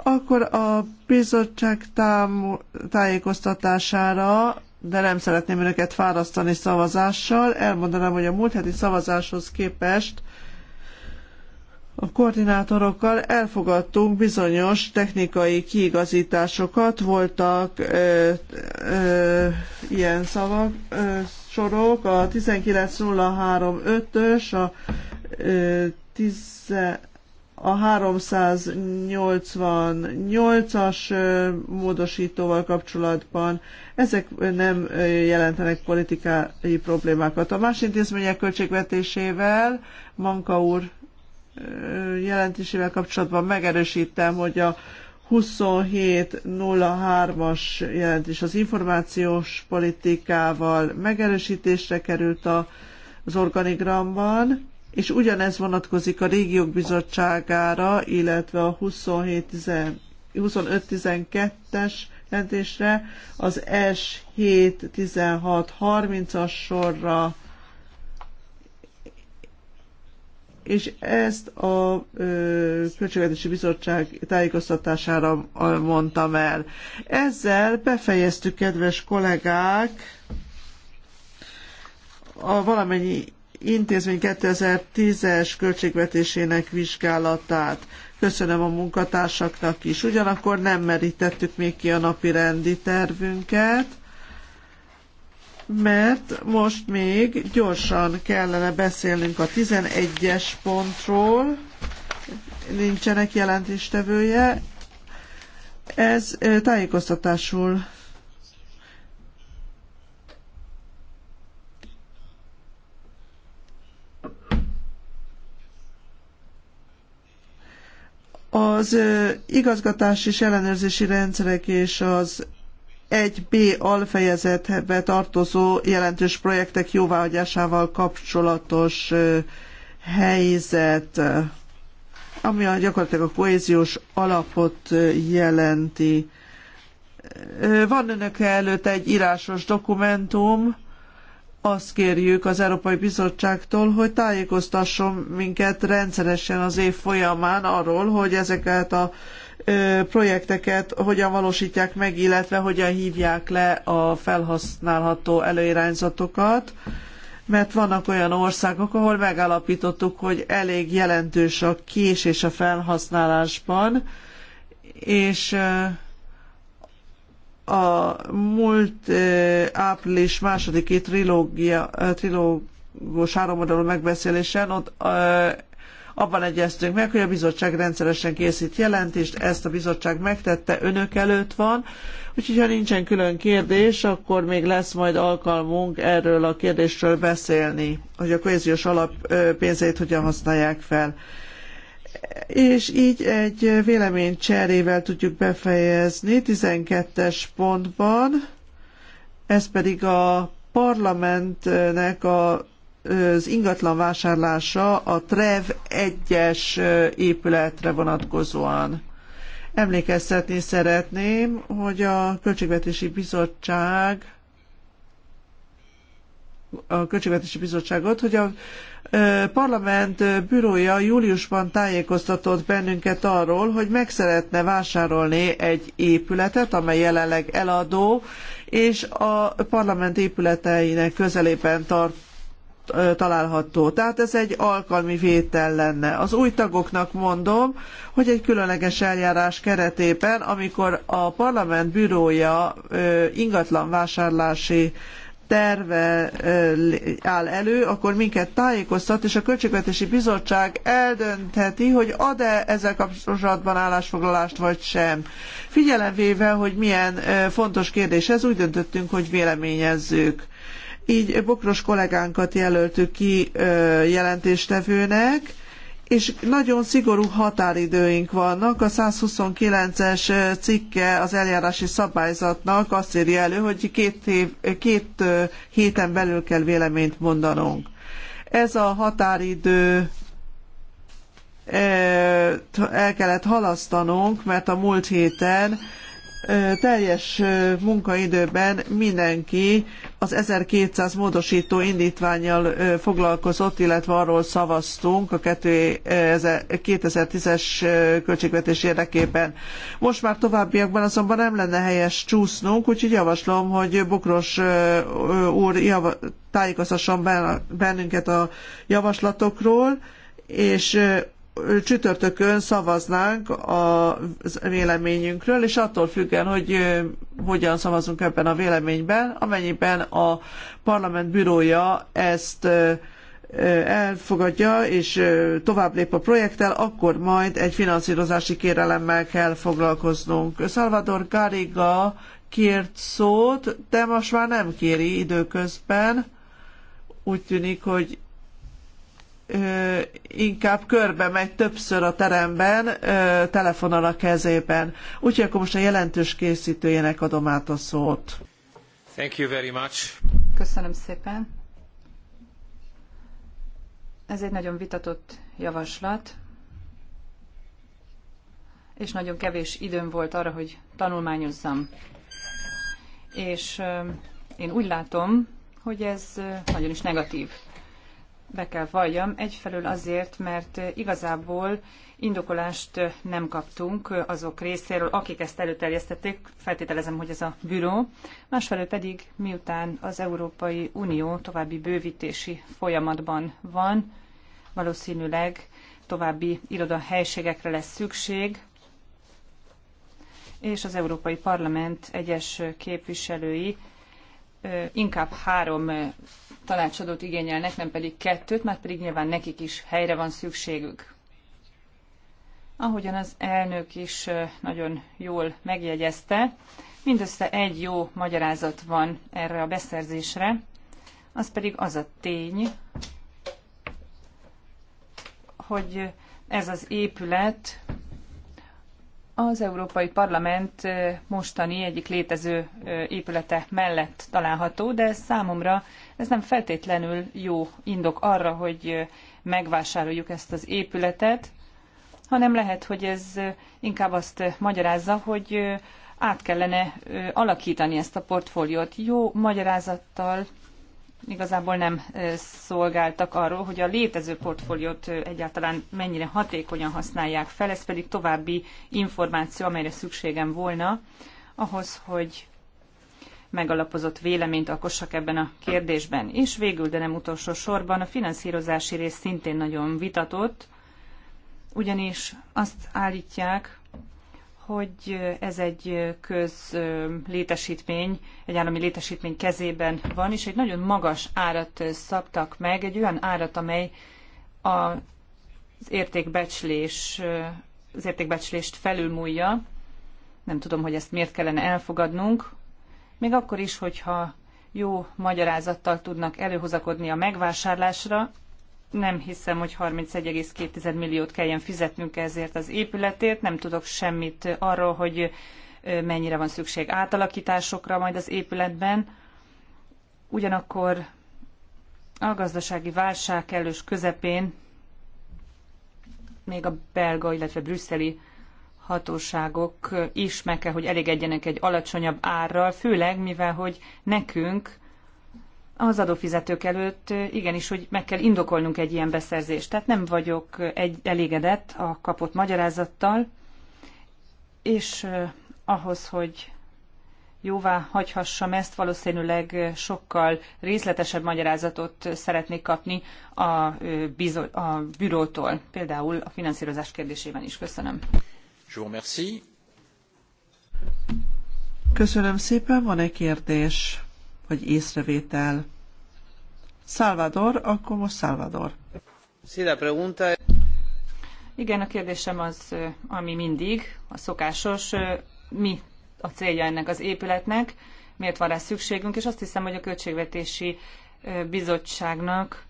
Akkor a bizottság tám- tájékoztatására, de nem szeretném önöket fárasztani szavazással, elmondanám, hogy a múlt heti szavazáshoz képest a koordinátorokkal elfogadtunk bizonyos technikai kiigazításokat, voltak ö, ö, ilyen szavak, ö, sorok, a 19.03.5-ös, a, a 388-as módosítóval kapcsolatban, ezek nem jelentenek politikai problémákat. A más intézmények költségvetésével Manka úr jelentésével kapcsolatban megerősítem, hogy a 27.03-as jelentés az információs politikával megerősítésre került a, az organigramban, és ugyanez vonatkozik a régiók bizottságára, illetve a 25.12-es jelentésre, az S7.16.30-as sorra, és ezt a Költségvetési Bizottság tájékoztatására mondtam el. Ezzel befejeztük, kedves kollégák, a valamennyi intézmény 2010-es költségvetésének vizsgálatát. Köszönöm a munkatársaknak is. Ugyanakkor nem merítettük még ki a napi rendi tervünket mert most még gyorsan kellene beszélnünk a 11-es pontról, nincsenek jelentéstevője. Ez tájékoztatásul az igazgatási és ellenőrzési rendszerek és az egy B alfejezetbe tartozó jelentős projektek jóváhagyásával kapcsolatos helyzet, ami a gyakorlatilag a kohéziós alapot jelenti. Van önök előtt egy írásos dokumentum, azt kérjük az Európai Bizottságtól, hogy tájékoztasson minket rendszeresen az év folyamán arról, hogy ezeket a projekteket hogyan valósítják meg, illetve hogyan hívják le a felhasználható előirányzatokat, mert vannak olyan országok, ahol megállapítottuk, hogy elég jelentős a késés a felhasználásban, és a múlt április második trilógia, trilógus háromadaló megbeszélésen ott abban egyeztünk meg, hogy a bizottság rendszeresen készít jelentést, ezt a bizottság megtette, önök előtt van, úgyhogy ha nincsen külön kérdés, akkor még lesz majd alkalmunk erről a kérdésről beszélni, hogy a kohéziós alap pénzeit hogyan használják fel. És így egy vélemény cserével tudjuk befejezni 12-es pontban, ez pedig a parlamentnek a az ingatlan vásárlása a TREV 1-es épületre vonatkozóan. Emlékeztetni szeretném, hogy a Költségvetési Bizottság a Költségvetési Bizottságot, hogy a parlament bürója júliusban tájékoztatott bennünket arról, hogy meg szeretne vásárolni egy épületet, amely jelenleg eladó, és a parlament épületeinek közelében tart található. Tehát ez egy alkalmi vétel lenne. Az új tagoknak mondom, hogy egy különleges eljárás keretében, amikor a parlament bürója ingatlan vásárlási terve áll elő, akkor minket tájékoztat, és a Költségvetési Bizottság eldöntheti, hogy ad-e ezzel kapcsolatban állásfoglalást, vagy sem. Figyelemvéve, hogy milyen fontos kérdés ez, úgy döntöttünk, hogy véleményezzük. Így Bokros kollégánkat jelöltük ki jelentéstevőnek, és nagyon szigorú határidőink vannak. A 129-es cikke az eljárási szabályzatnak azt írja elő, hogy két, év, két héten belül kell véleményt mondanunk. Ez a határidő el kellett halasztanunk, mert a múlt héten teljes munkaidőben mindenki az 1200 módosító indítványjal foglalkozott, illetve arról szavaztunk a 2010-es költségvetés érdekében. Most már továbbiakban azonban nem lenne helyes csúsznunk, úgyhogy javaslom, hogy Bokros úr jav- tájékoztasson bennünket a javaslatokról, és csütörtökön szavaznánk a véleményünkről, és attól függően, hogy hogyan szavazunk ebben a véleményben, amennyiben a parlament bürója ezt elfogadja és tovább lép a projekttel, akkor majd egy finanszírozási kérelemmel kell foglalkoznunk. Salvador Garriga kért szót, de most már nem kéri időközben. Úgy tűnik, hogy inkább körbe megy többször a teremben, ö, telefonal a kezében. Úgyhogy akkor most a jelentős készítőjének adom át a szót. Thank you very much. Köszönöm szépen. Ez egy nagyon vitatott javaslat, és nagyon kevés időm volt arra, hogy tanulmányozzam. És én úgy látom, hogy ez nagyon is negatív be kell valljam, egyfelől azért, mert igazából indokolást nem kaptunk azok részéről, akik ezt előterjesztették, feltételezem, hogy ez a büró, másfelől pedig miután az Európai Unió további bővítési folyamatban van, valószínűleg további irodahelységekre lesz szükség, és az Európai Parlament egyes képviselői inkább három tanácsadót igényelnek, nem pedig kettőt, mert pedig nyilván nekik is helyre van szükségük. Ahogyan az elnök is nagyon jól megjegyezte, mindössze egy jó magyarázat van erre a beszerzésre, az pedig az a tény, hogy ez az épület az Európai Parlament mostani egyik létező épülete mellett található, de számomra ez nem feltétlenül jó indok arra, hogy megvásároljuk ezt az épületet, hanem lehet, hogy ez inkább azt magyarázza, hogy át kellene alakítani ezt a portfóliót. Jó magyarázattal igazából nem szolgáltak arról, hogy a létező portfóliót egyáltalán mennyire hatékonyan használják fel, ez pedig további információ, amelyre szükségem volna ahhoz, hogy megalapozott véleményt alkossak ebben a kérdésben. És végül, de nem utolsó sorban, a finanszírozási rész szintén nagyon vitatott, ugyanis azt állítják, hogy ez egy közlétesítmény, egy állami létesítmény kezében van, és egy nagyon magas árat szabtak meg, egy olyan árat, amely az értékbecslés, az értékbecslést felülmúlja. Nem tudom, hogy ezt miért kellene elfogadnunk, még akkor is, hogyha jó magyarázattal tudnak előhozakodni a megvásárlásra, nem hiszem, hogy 31,2 milliót kelljen fizetnünk ezért az épületért, nem tudok semmit arról, hogy mennyire van szükség átalakításokra majd az épületben. Ugyanakkor a gazdasági válság elős közepén még a belga, illetve brüsszeli hatóságok is meg kell, hogy elégedjenek egy alacsonyabb árral, főleg mivel, hogy nekünk az adófizetők előtt igenis, hogy meg kell indokolnunk egy ilyen beszerzést. Tehát nem vagyok egy, elégedett a kapott magyarázattal, és ahhoz, hogy jóvá hagyhassam ezt, valószínűleg sokkal részletesebb magyarázatot szeretnék kapni a, bizo- a bürótól, például a finanszírozás kérdésében is. Köszönöm. Jó, merci. Köszönöm szépen, van egy kérdés? vagy észrevétel. Salvador, akkor most Salvador. Igen, a kérdésem az, ami mindig, a szokásos, mi a célja ennek az épületnek, miért van rá szükségünk, és azt hiszem, hogy a Költségvetési Bizottságnak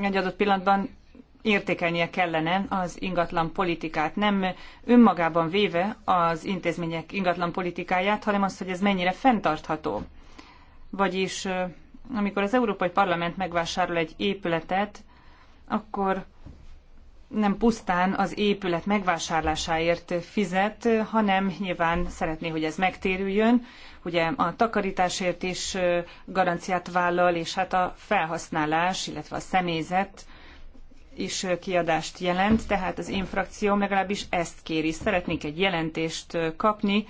egy adott pillanatban értékelnie kellene az ingatlan politikát, nem önmagában véve az intézmények ingatlan politikáját, hanem azt, hogy ez mennyire fenntartható. Vagyis amikor az Európai Parlament megvásárol egy épületet, akkor nem pusztán az épület megvásárlásáért fizet, hanem nyilván szeretné, hogy ez megtérüljön. Ugye a takarításért is garanciát vállal, és hát a felhasználás, illetve a személyzet is kiadást jelent, tehát az én frakcióm legalábbis ezt kéri. Szeretnék egy jelentést kapni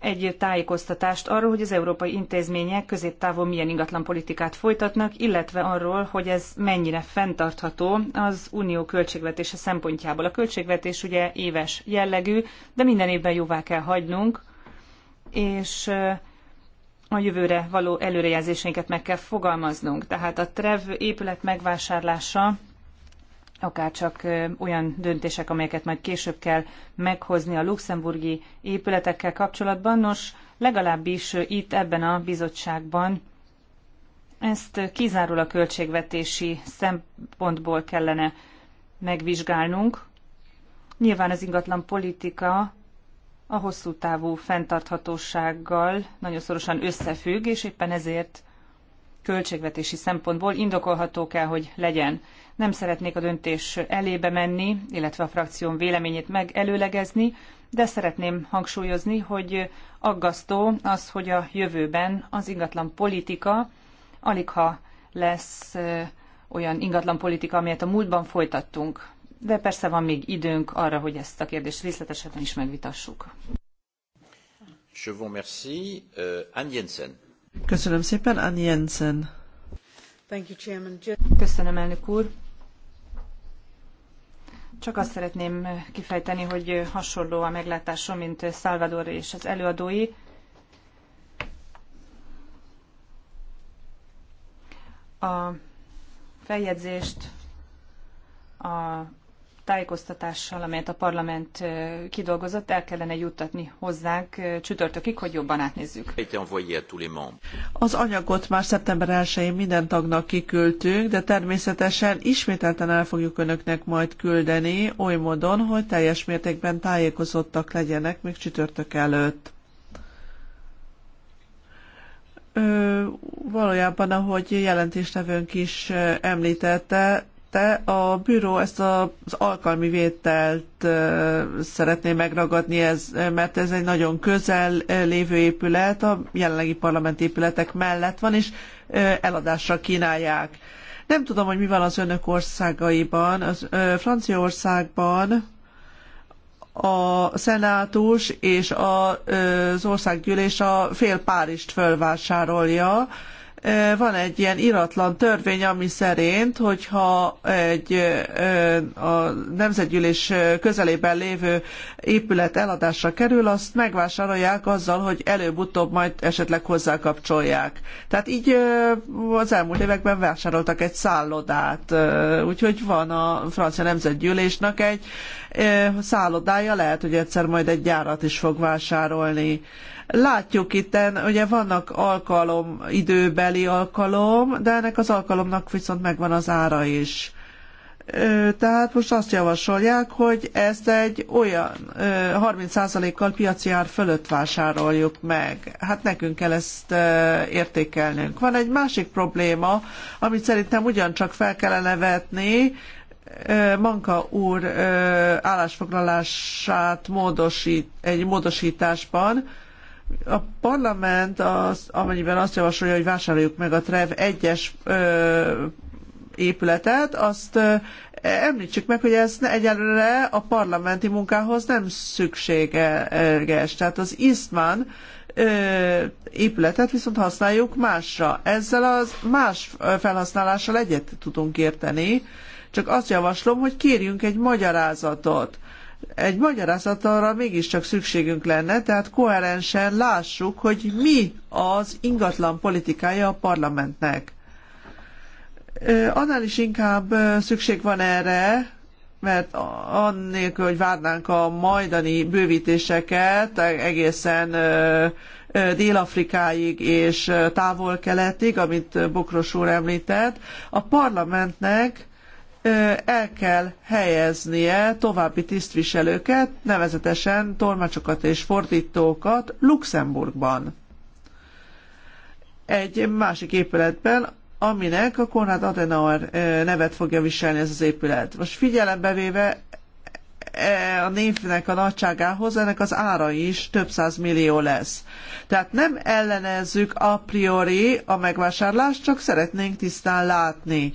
egy tájékoztatást arról, hogy az európai intézmények középtávon milyen ingatlanpolitikát folytatnak, illetve arról, hogy ez mennyire fenntartható az unió költségvetése szempontjából. A költségvetés ugye éves jellegű, de minden évben jóvá kell hagynunk, és a jövőre való előrejelzéseinket meg kell fogalmaznunk. Tehát a TREV épület megvásárlása akárcsak olyan döntések, amelyeket majd később kell meghozni a luxemburgi épületekkel kapcsolatban. Nos, legalábbis itt ebben a bizottságban ezt kizárólag költségvetési szempontból kellene megvizsgálnunk. Nyilván az ingatlan politika a hosszú távú fenntarthatósággal nagyon szorosan összefügg, és éppen ezért költségvetési szempontból indokolható kell, hogy legyen. Nem szeretnék a döntés elébe menni, illetve a frakcióm véleményét megelőlegezni, de szeretném hangsúlyozni, hogy aggasztó az, hogy a jövőben az ingatlan politika aligha lesz olyan ingatlan politika, amelyet a múltban folytattunk. De persze van még időnk arra, hogy ezt a kérdést részletesen is megvitassuk. Euh, Köszönöm szépen, Ann Jensen. Köszönöm, elnök úr. Csak azt szeretném kifejteni, hogy hasonló a meglátásom, mint Salvador és az előadói. A feljegyzést a tájékoztatással, amelyet a parlament kidolgozott, el kellene juttatni hozzánk csütörtökig, hogy jobban átnézzük. Az anyagot már szeptember 1-én minden tagnak kiküldtünk, de természetesen ismételten el fogjuk önöknek majd küldeni, oly módon, hogy teljes mértékben tájékozottak legyenek még csütörtök előtt. Ö, valójában, ahogy jelentéstevőnk is említette, említette, a bűró ezt az alkalmi vételt szeretné megragadni, ez, mert ez egy nagyon közel lévő épület, a jelenlegi parlament épületek mellett van, és eladásra kínálják. Nem tudom, hogy mi van az önök országaiban, az Franciaországban a szenátus és az országgyűlés a fél Párizst fölvásárolja, van egy ilyen iratlan törvény, ami szerint, hogyha egy a nemzetgyűlés közelében lévő épület eladásra kerül, azt megvásárolják azzal, hogy előbb-utóbb majd esetleg hozzákapcsolják. Tehát így az elmúlt években vásároltak egy szállodát, úgyhogy van a francia nemzetgyűlésnek egy szállodája, lehet, hogy egyszer majd egy gyárat is fog vásárolni. Látjuk itten, ugye vannak alkalom, időbeli alkalom, de ennek az alkalomnak viszont megvan az ára is. Tehát most azt javasolják, hogy ezt egy olyan 30%-kal piaci ár fölött vásároljuk meg. Hát nekünk kell ezt értékelnünk. Van egy másik probléma, amit szerintem ugyancsak fel kellene vetni, Manka úr állásfoglalását módosít, egy módosításban, a parlament az, amennyiben azt javasolja, hogy vásároljuk meg a TREV egyes ö, épületet, azt ö, említsük meg, hogy ez egyelőre a parlamenti munkához nem szükséges. Tehát az ISZMAN épületet viszont használjuk másra. Ezzel az más felhasználással egyet tudunk érteni, csak azt javaslom, hogy kérjünk egy magyarázatot egy magyarázat arra mégiscsak szükségünk lenne, tehát koherensen lássuk, hogy mi az ingatlan politikája a parlamentnek. Annál is inkább szükség van erre, mert annélkül, hogy várnánk a majdani bővítéseket e, egészen Dél-Afrikáig és távol-keletig, amit Bokros úr említett, a parlamentnek el kell helyeznie további tisztviselőket, nevezetesen tolmácsokat és fordítókat Luxemburgban. Egy másik épületben, aminek a Konrad Adenauer nevet fogja viselni ez az épület. Most figyelembe véve e, a névnek a nagyságához ennek az ára is több száz millió lesz. Tehát nem ellenezzük a priori a megvásárlást, csak szeretnénk tisztán látni.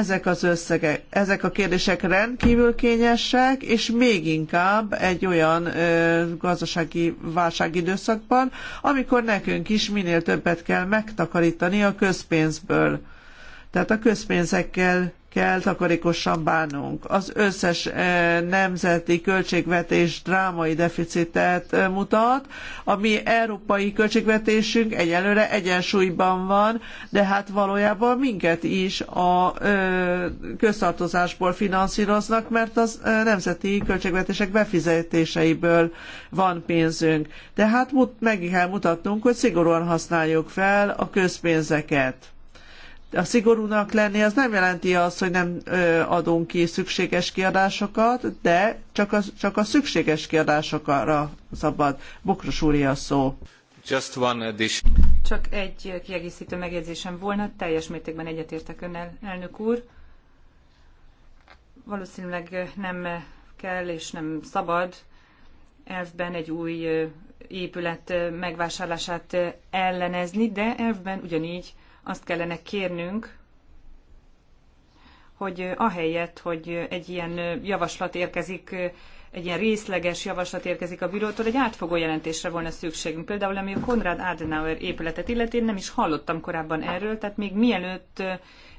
Ezek az összegek, ezek a kérdések rendkívül kényesek, és még inkább egy olyan ö, gazdasági válságidőszakban, amikor nekünk is minél többet kell megtakarítani a közpénzből. Tehát a közpénzekkel kell takarékosan bánunk. Az összes eh, nemzeti költségvetés drámai deficitet eh, mutat. A mi európai költségvetésünk egyelőre egyensúlyban van, de hát valójában minket is a eh, köztartozásból finanszíroznak, mert az nemzeti költségvetések befizetéseiből van pénzünk. Tehát meg kell mutatnunk, hogy szigorúan használjuk fel a közpénzeket a szigorúnak lenni az nem jelenti azt, hogy nem adunk ki szükséges kiadásokat, de csak a, csak a szükséges kiadásokra szabad. Bokros úr a szó. Just one addition. Csak egy kiegészítő megjegyzésem volna, teljes mértékben egyetértek önnel, elnök úr. Valószínűleg nem kell és nem szabad elvben egy új épület megvásárlását ellenezni, de elvben ugyanígy azt kellene kérnünk, hogy ahelyett, hogy egy ilyen javaslat érkezik, egy ilyen részleges javaslat érkezik a bírótól, egy átfogó jelentésre volna szükségünk. Például, ami a Konrad Adenauer épületet illeti, én nem is hallottam korábban erről, tehát még mielőtt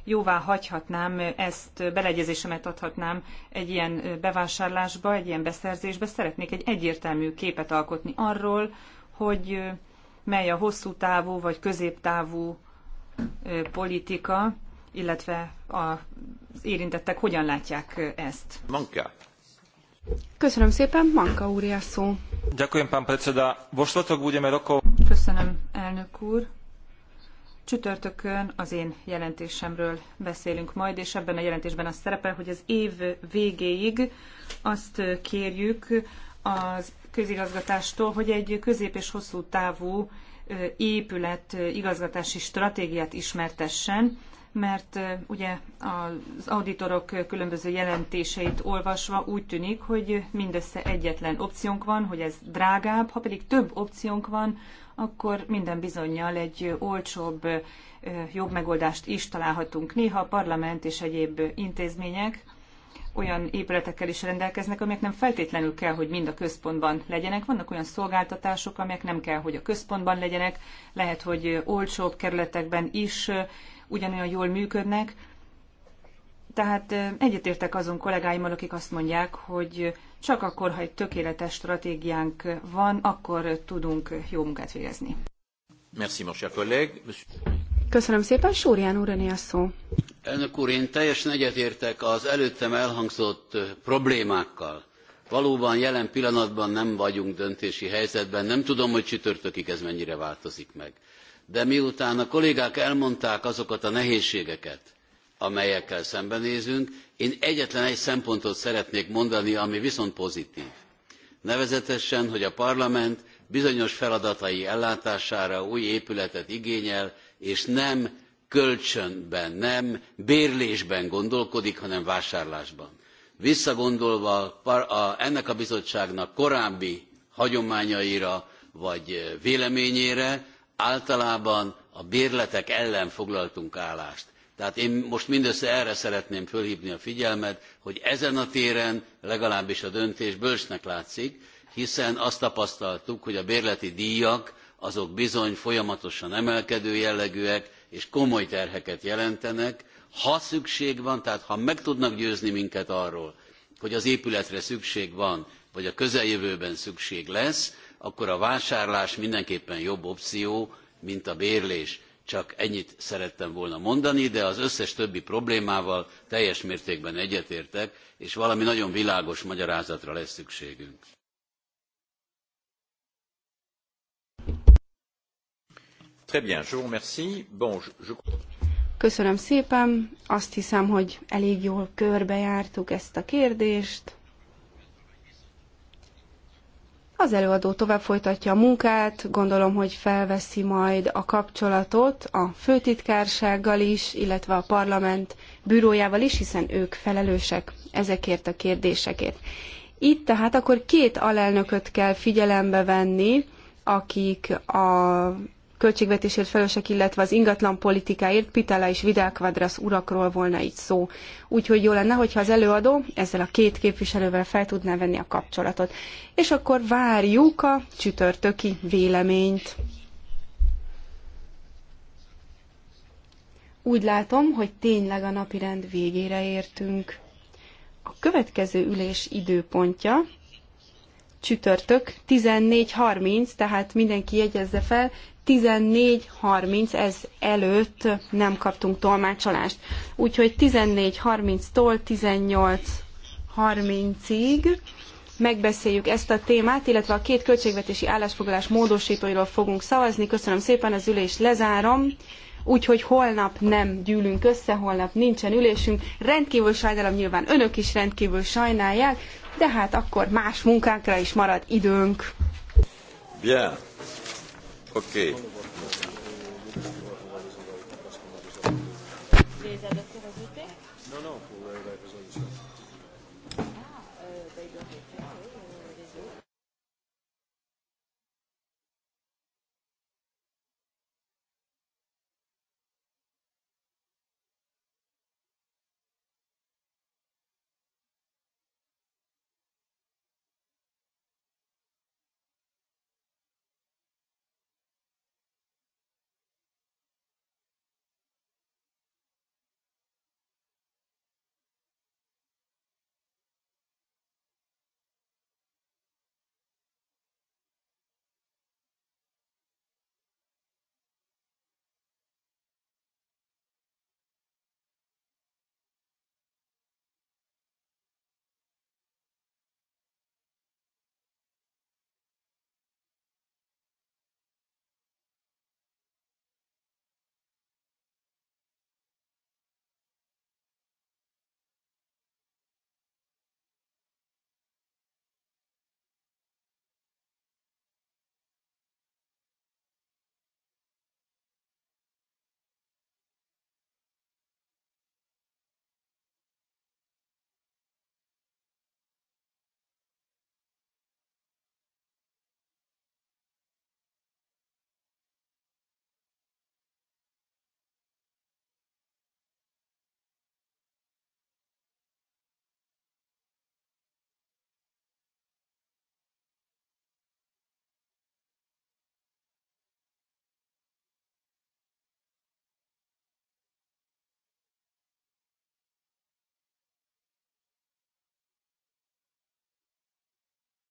jóvá hagyhatnám ezt, beleegyezésemet adhatnám egy ilyen bevásárlásba, egy ilyen beszerzésbe, szeretnék egy egyértelmű képet alkotni arról, hogy mely a hosszú távú vagy középtávú politika, illetve az érintettek hogyan látják ezt. Manka. Köszönöm szépen, Manka úr szó. Ďakujem, pán predseda. Vo budeme rokov... Köszönöm, elnök úr. Csütörtökön az én jelentésemről beszélünk majd, és ebben a jelentésben az szerepel, hogy az év végéig azt kérjük az közigazgatástól, hogy egy közép és hosszú távú épület igazgatási stratégiát ismertessen, mert ugye az auditorok különböző jelentéseit olvasva úgy tűnik, hogy mindössze egyetlen opciónk van, hogy ez drágább, ha pedig több opciónk van, akkor minden bizonyal egy olcsóbb, jobb megoldást is találhatunk. Néha a parlament és egyéb intézmények olyan épületekkel is rendelkeznek, amelyek nem feltétlenül kell, hogy mind a központban legyenek. Vannak olyan szolgáltatások, amelyek nem kell, hogy a központban legyenek. Lehet, hogy olcsóbb kerületekben is ugyanolyan jól működnek. Tehát egyetértek azon kollégáimmal, akik azt mondják, hogy csak akkor, ha egy tökéletes stratégiánk van, akkor tudunk jó munkát végezni. Merci, mon cher collègue. Köszönöm szépen, Súrján úr, a szó. Elnök úr, én teljesen egyetértek az előttem elhangzott problémákkal. Valóban jelen pillanatban nem vagyunk döntési helyzetben, nem tudom, hogy csütörtökig ez mennyire változik meg. De miután a kollégák elmondták azokat a nehézségeket, amelyekkel szembenézünk, én egyetlen egy szempontot szeretnék mondani, ami viszont pozitív. Nevezetesen, hogy a parlament bizonyos feladatai ellátására új épületet igényel, és nem kölcsönben, nem bérlésben gondolkodik, hanem vásárlásban. Visszagondolva ennek a bizottságnak korábbi hagyományaira vagy véleményére, általában a bérletek ellen foglaltunk állást. Tehát én most mindössze erre szeretném fölhívni a figyelmet, hogy ezen a téren legalábbis a döntés bölcsnek látszik, hiszen azt tapasztaltuk, hogy a bérleti díjak azok bizony folyamatosan emelkedő jellegűek és komoly terheket jelentenek ha szükség van tehát ha meg tudnak győzni minket arról hogy az épületre szükség van vagy a közeljövőben szükség lesz akkor a vásárlás mindenképpen jobb opció mint a bérlés. csak ennyit szerettem volna mondani de az összes többi problémával teljes mértékben egyetértek és valami nagyon világos magyarázatra lesz szükségünk. Köszönöm szépen. Azt hiszem, hogy elég jól körbejártuk ezt a kérdést. Az előadó tovább folytatja a munkát, gondolom, hogy felveszi majd a kapcsolatot a főtitkársággal is, illetve a parlament bürójával is, hiszen ők felelősek ezekért a kérdésekért. Itt tehát akkor két alelnököt kell figyelembe venni, akik a költségvetésért felelősek, illetve az ingatlan politikáért Pitala és Vidal Quadras urakról volna itt szó. Úgyhogy jó lenne, hogyha az előadó ezzel a két képviselővel fel tudná venni a kapcsolatot. És akkor várjuk a csütörtöki véleményt. Úgy látom, hogy tényleg a napirend végére értünk. A következő ülés időpontja csütörtök 14.30, tehát mindenki jegyezze fel, 14.30 ez előtt nem kaptunk tolmácsolást. Úgyhogy 14.30-tól 18.30-ig megbeszéljük ezt a témát, illetve a két költségvetési állásfoglalás módosítóiról fogunk szavazni. Köszönöm szépen, az ülés lezárom. Úgyhogy holnap nem gyűlünk össze, holnap nincsen ülésünk. Rendkívül sajnálom, nyilván önök is rendkívül sajnálják, de hát akkor más munkákra is marad időnk. Bien. Okay.